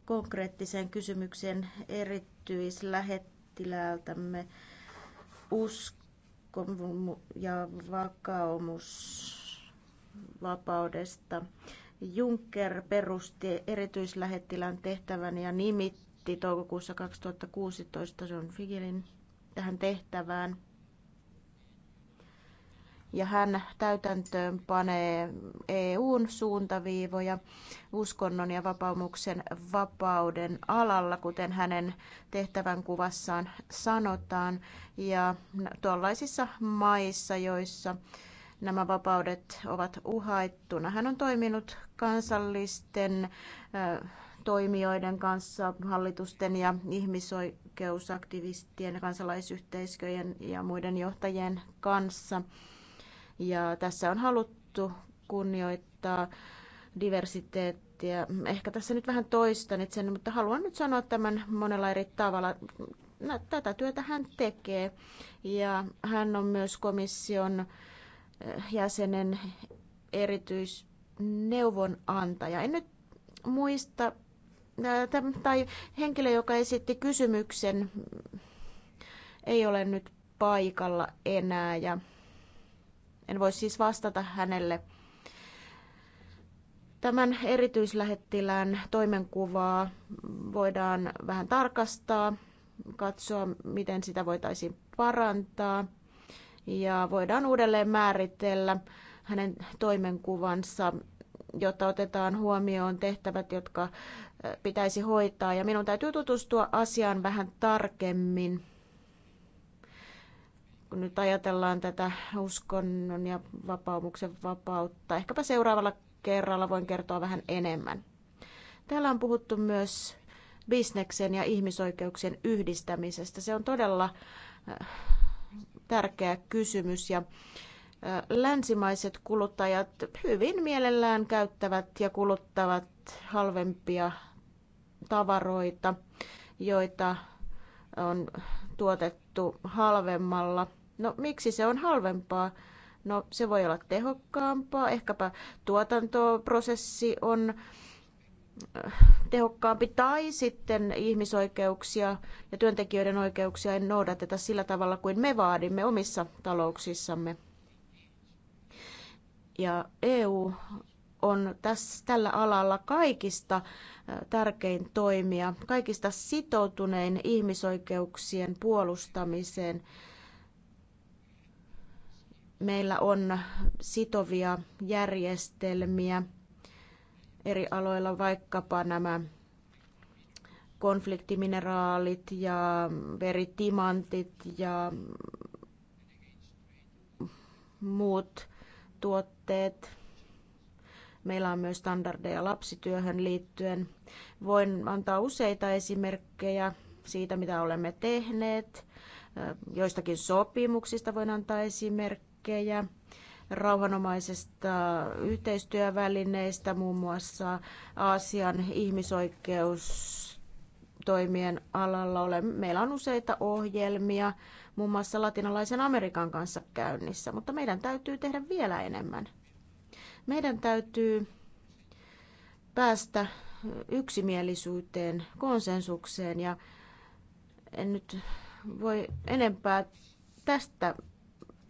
konkreettiseen kysymykseen erityislähettilältämme usko ja vakaumus vapaudesta. Juncker perusti erityislähettilän tehtävän ja nimitti toukokuussa 2016 John Figelin tähän tehtävään. Ja hän täytäntöön panee EUn suuntaviivoja uskonnon ja vapaumuksen vapauden alalla, kuten hänen tehtävän kuvassaan sanotaan. Ja tuollaisissa maissa, joissa nämä vapaudet ovat uhaittuna, Hän on toiminut kansallisten toimijoiden kanssa, hallitusten ja ihmisoikeusaktivistien, kansalaisyhteisöjen ja muiden johtajien kanssa. Ja tässä on haluttu kunnioittaa diversiteettiä. Ehkä tässä nyt vähän toistan itse, mutta haluan nyt sanoa tämän monella eri tavalla. No, tätä työtä hän tekee ja hän on myös komission jäsenen erityisneuvonantaja. En nyt muista, tai henkilö, joka esitti kysymyksen, ei ole nyt paikalla enää ja en voi siis vastata hänelle. Tämän erityislähettilään toimenkuvaa voidaan vähän tarkastaa, katsoa miten sitä voitaisiin parantaa ja voidaan uudelleen määritellä hänen toimenkuvansa, jotta otetaan huomioon tehtävät, jotka pitäisi hoitaa. Ja minun täytyy tutustua asiaan vähän tarkemmin kun nyt ajatellaan tätä uskonnon ja vapaumuksen vapautta. Ehkäpä seuraavalla kerralla voin kertoa vähän enemmän. Täällä on puhuttu myös bisneksen ja ihmisoikeuksien yhdistämisestä. Se on todella tärkeä kysymys ja länsimaiset kuluttajat hyvin mielellään käyttävät ja kuluttavat halvempia tavaroita, joita on tuotettu halvemmalla. No miksi se on halvempaa? No se voi olla tehokkaampaa, ehkäpä tuotantoprosessi on tehokkaampi tai sitten ihmisoikeuksia ja työntekijöiden oikeuksia ei noudateta sillä tavalla kuin me vaadimme omissa talouksissamme. Ja EU on tässä, tällä alalla kaikista tärkein toimija, kaikista sitoutunein ihmisoikeuksien puolustamiseen. Meillä on sitovia järjestelmiä eri aloilla, vaikkapa nämä konfliktimineraalit ja veritimantit ja muut tuotteet. Meillä on myös standardeja lapsityöhön liittyen. Voin antaa useita esimerkkejä siitä, mitä olemme tehneet. Joistakin sopimuksista voin antaa esimerkkejä rauhanomaisesta yhteistyövälineistä, muun muassa Aasian ihmisoikeustoimien alalla. Meillä on useita ohjelmia muun muassa latinalaisen Amerikan kanssa käynnissä, mutta meidän täytyy tehdä vielä enemmän. Meidän täytyy päästä yksimielisyyteen, konsensukseen ja en nyt voi enempää tästä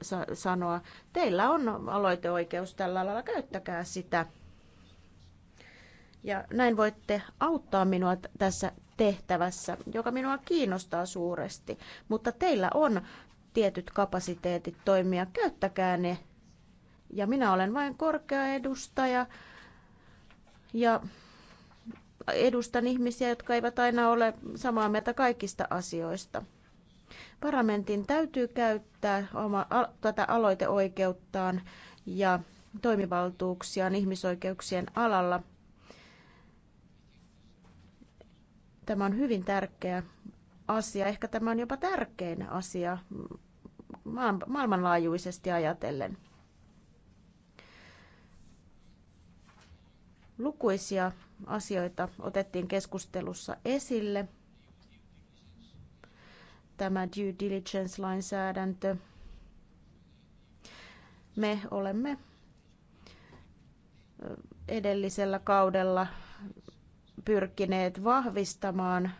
sa- sanoa, teillä on aloiteoikeus tällä alalla, käyttäkää sitä. Ja näin voitte auttaa minua tässä tehtävässä, joka minua kiinnostaa suuresti. Mutta teillä on tietyt kapasiteetit toimia, käyttäkää ne. Ja minä olen vain korkea edustaja ja edustan ihmisiä, jotka eivät aina ole samaa mieltä kaikista asioista. Parlamentin täytyy käyttää oma, a, tätä aloiteoikeuttaan ja toimivaltuuksiaan ihmisoikeuksien alalla. Tämä on hyvin tärkeä asia. Ehkä tämä on jopa tärkein asia maailmanlaajuisesti ajatellen. Lukuisia asioita otettiin keskustelussa esille tämä due diligence-lainsäädäntö. Me olemme edellisellä kaudella pyrkineet vahvistamaan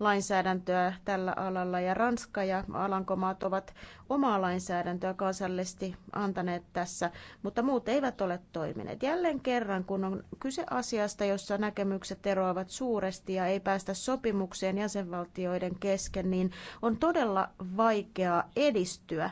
lainsäädäntöä tällä alalla ja Ranska ja Alankomaat ovat omaa lainsäädäntöä kansallisesti antaneet tässä, mutta muut eivät ole toimineet. Jälleen kerran, kun on kyse asiasta, jossa näkemykset eroavat suuresti ja ei päästä sopimukseen jäsenvaltioiden kesken, niin on todella vaikeaa edistyä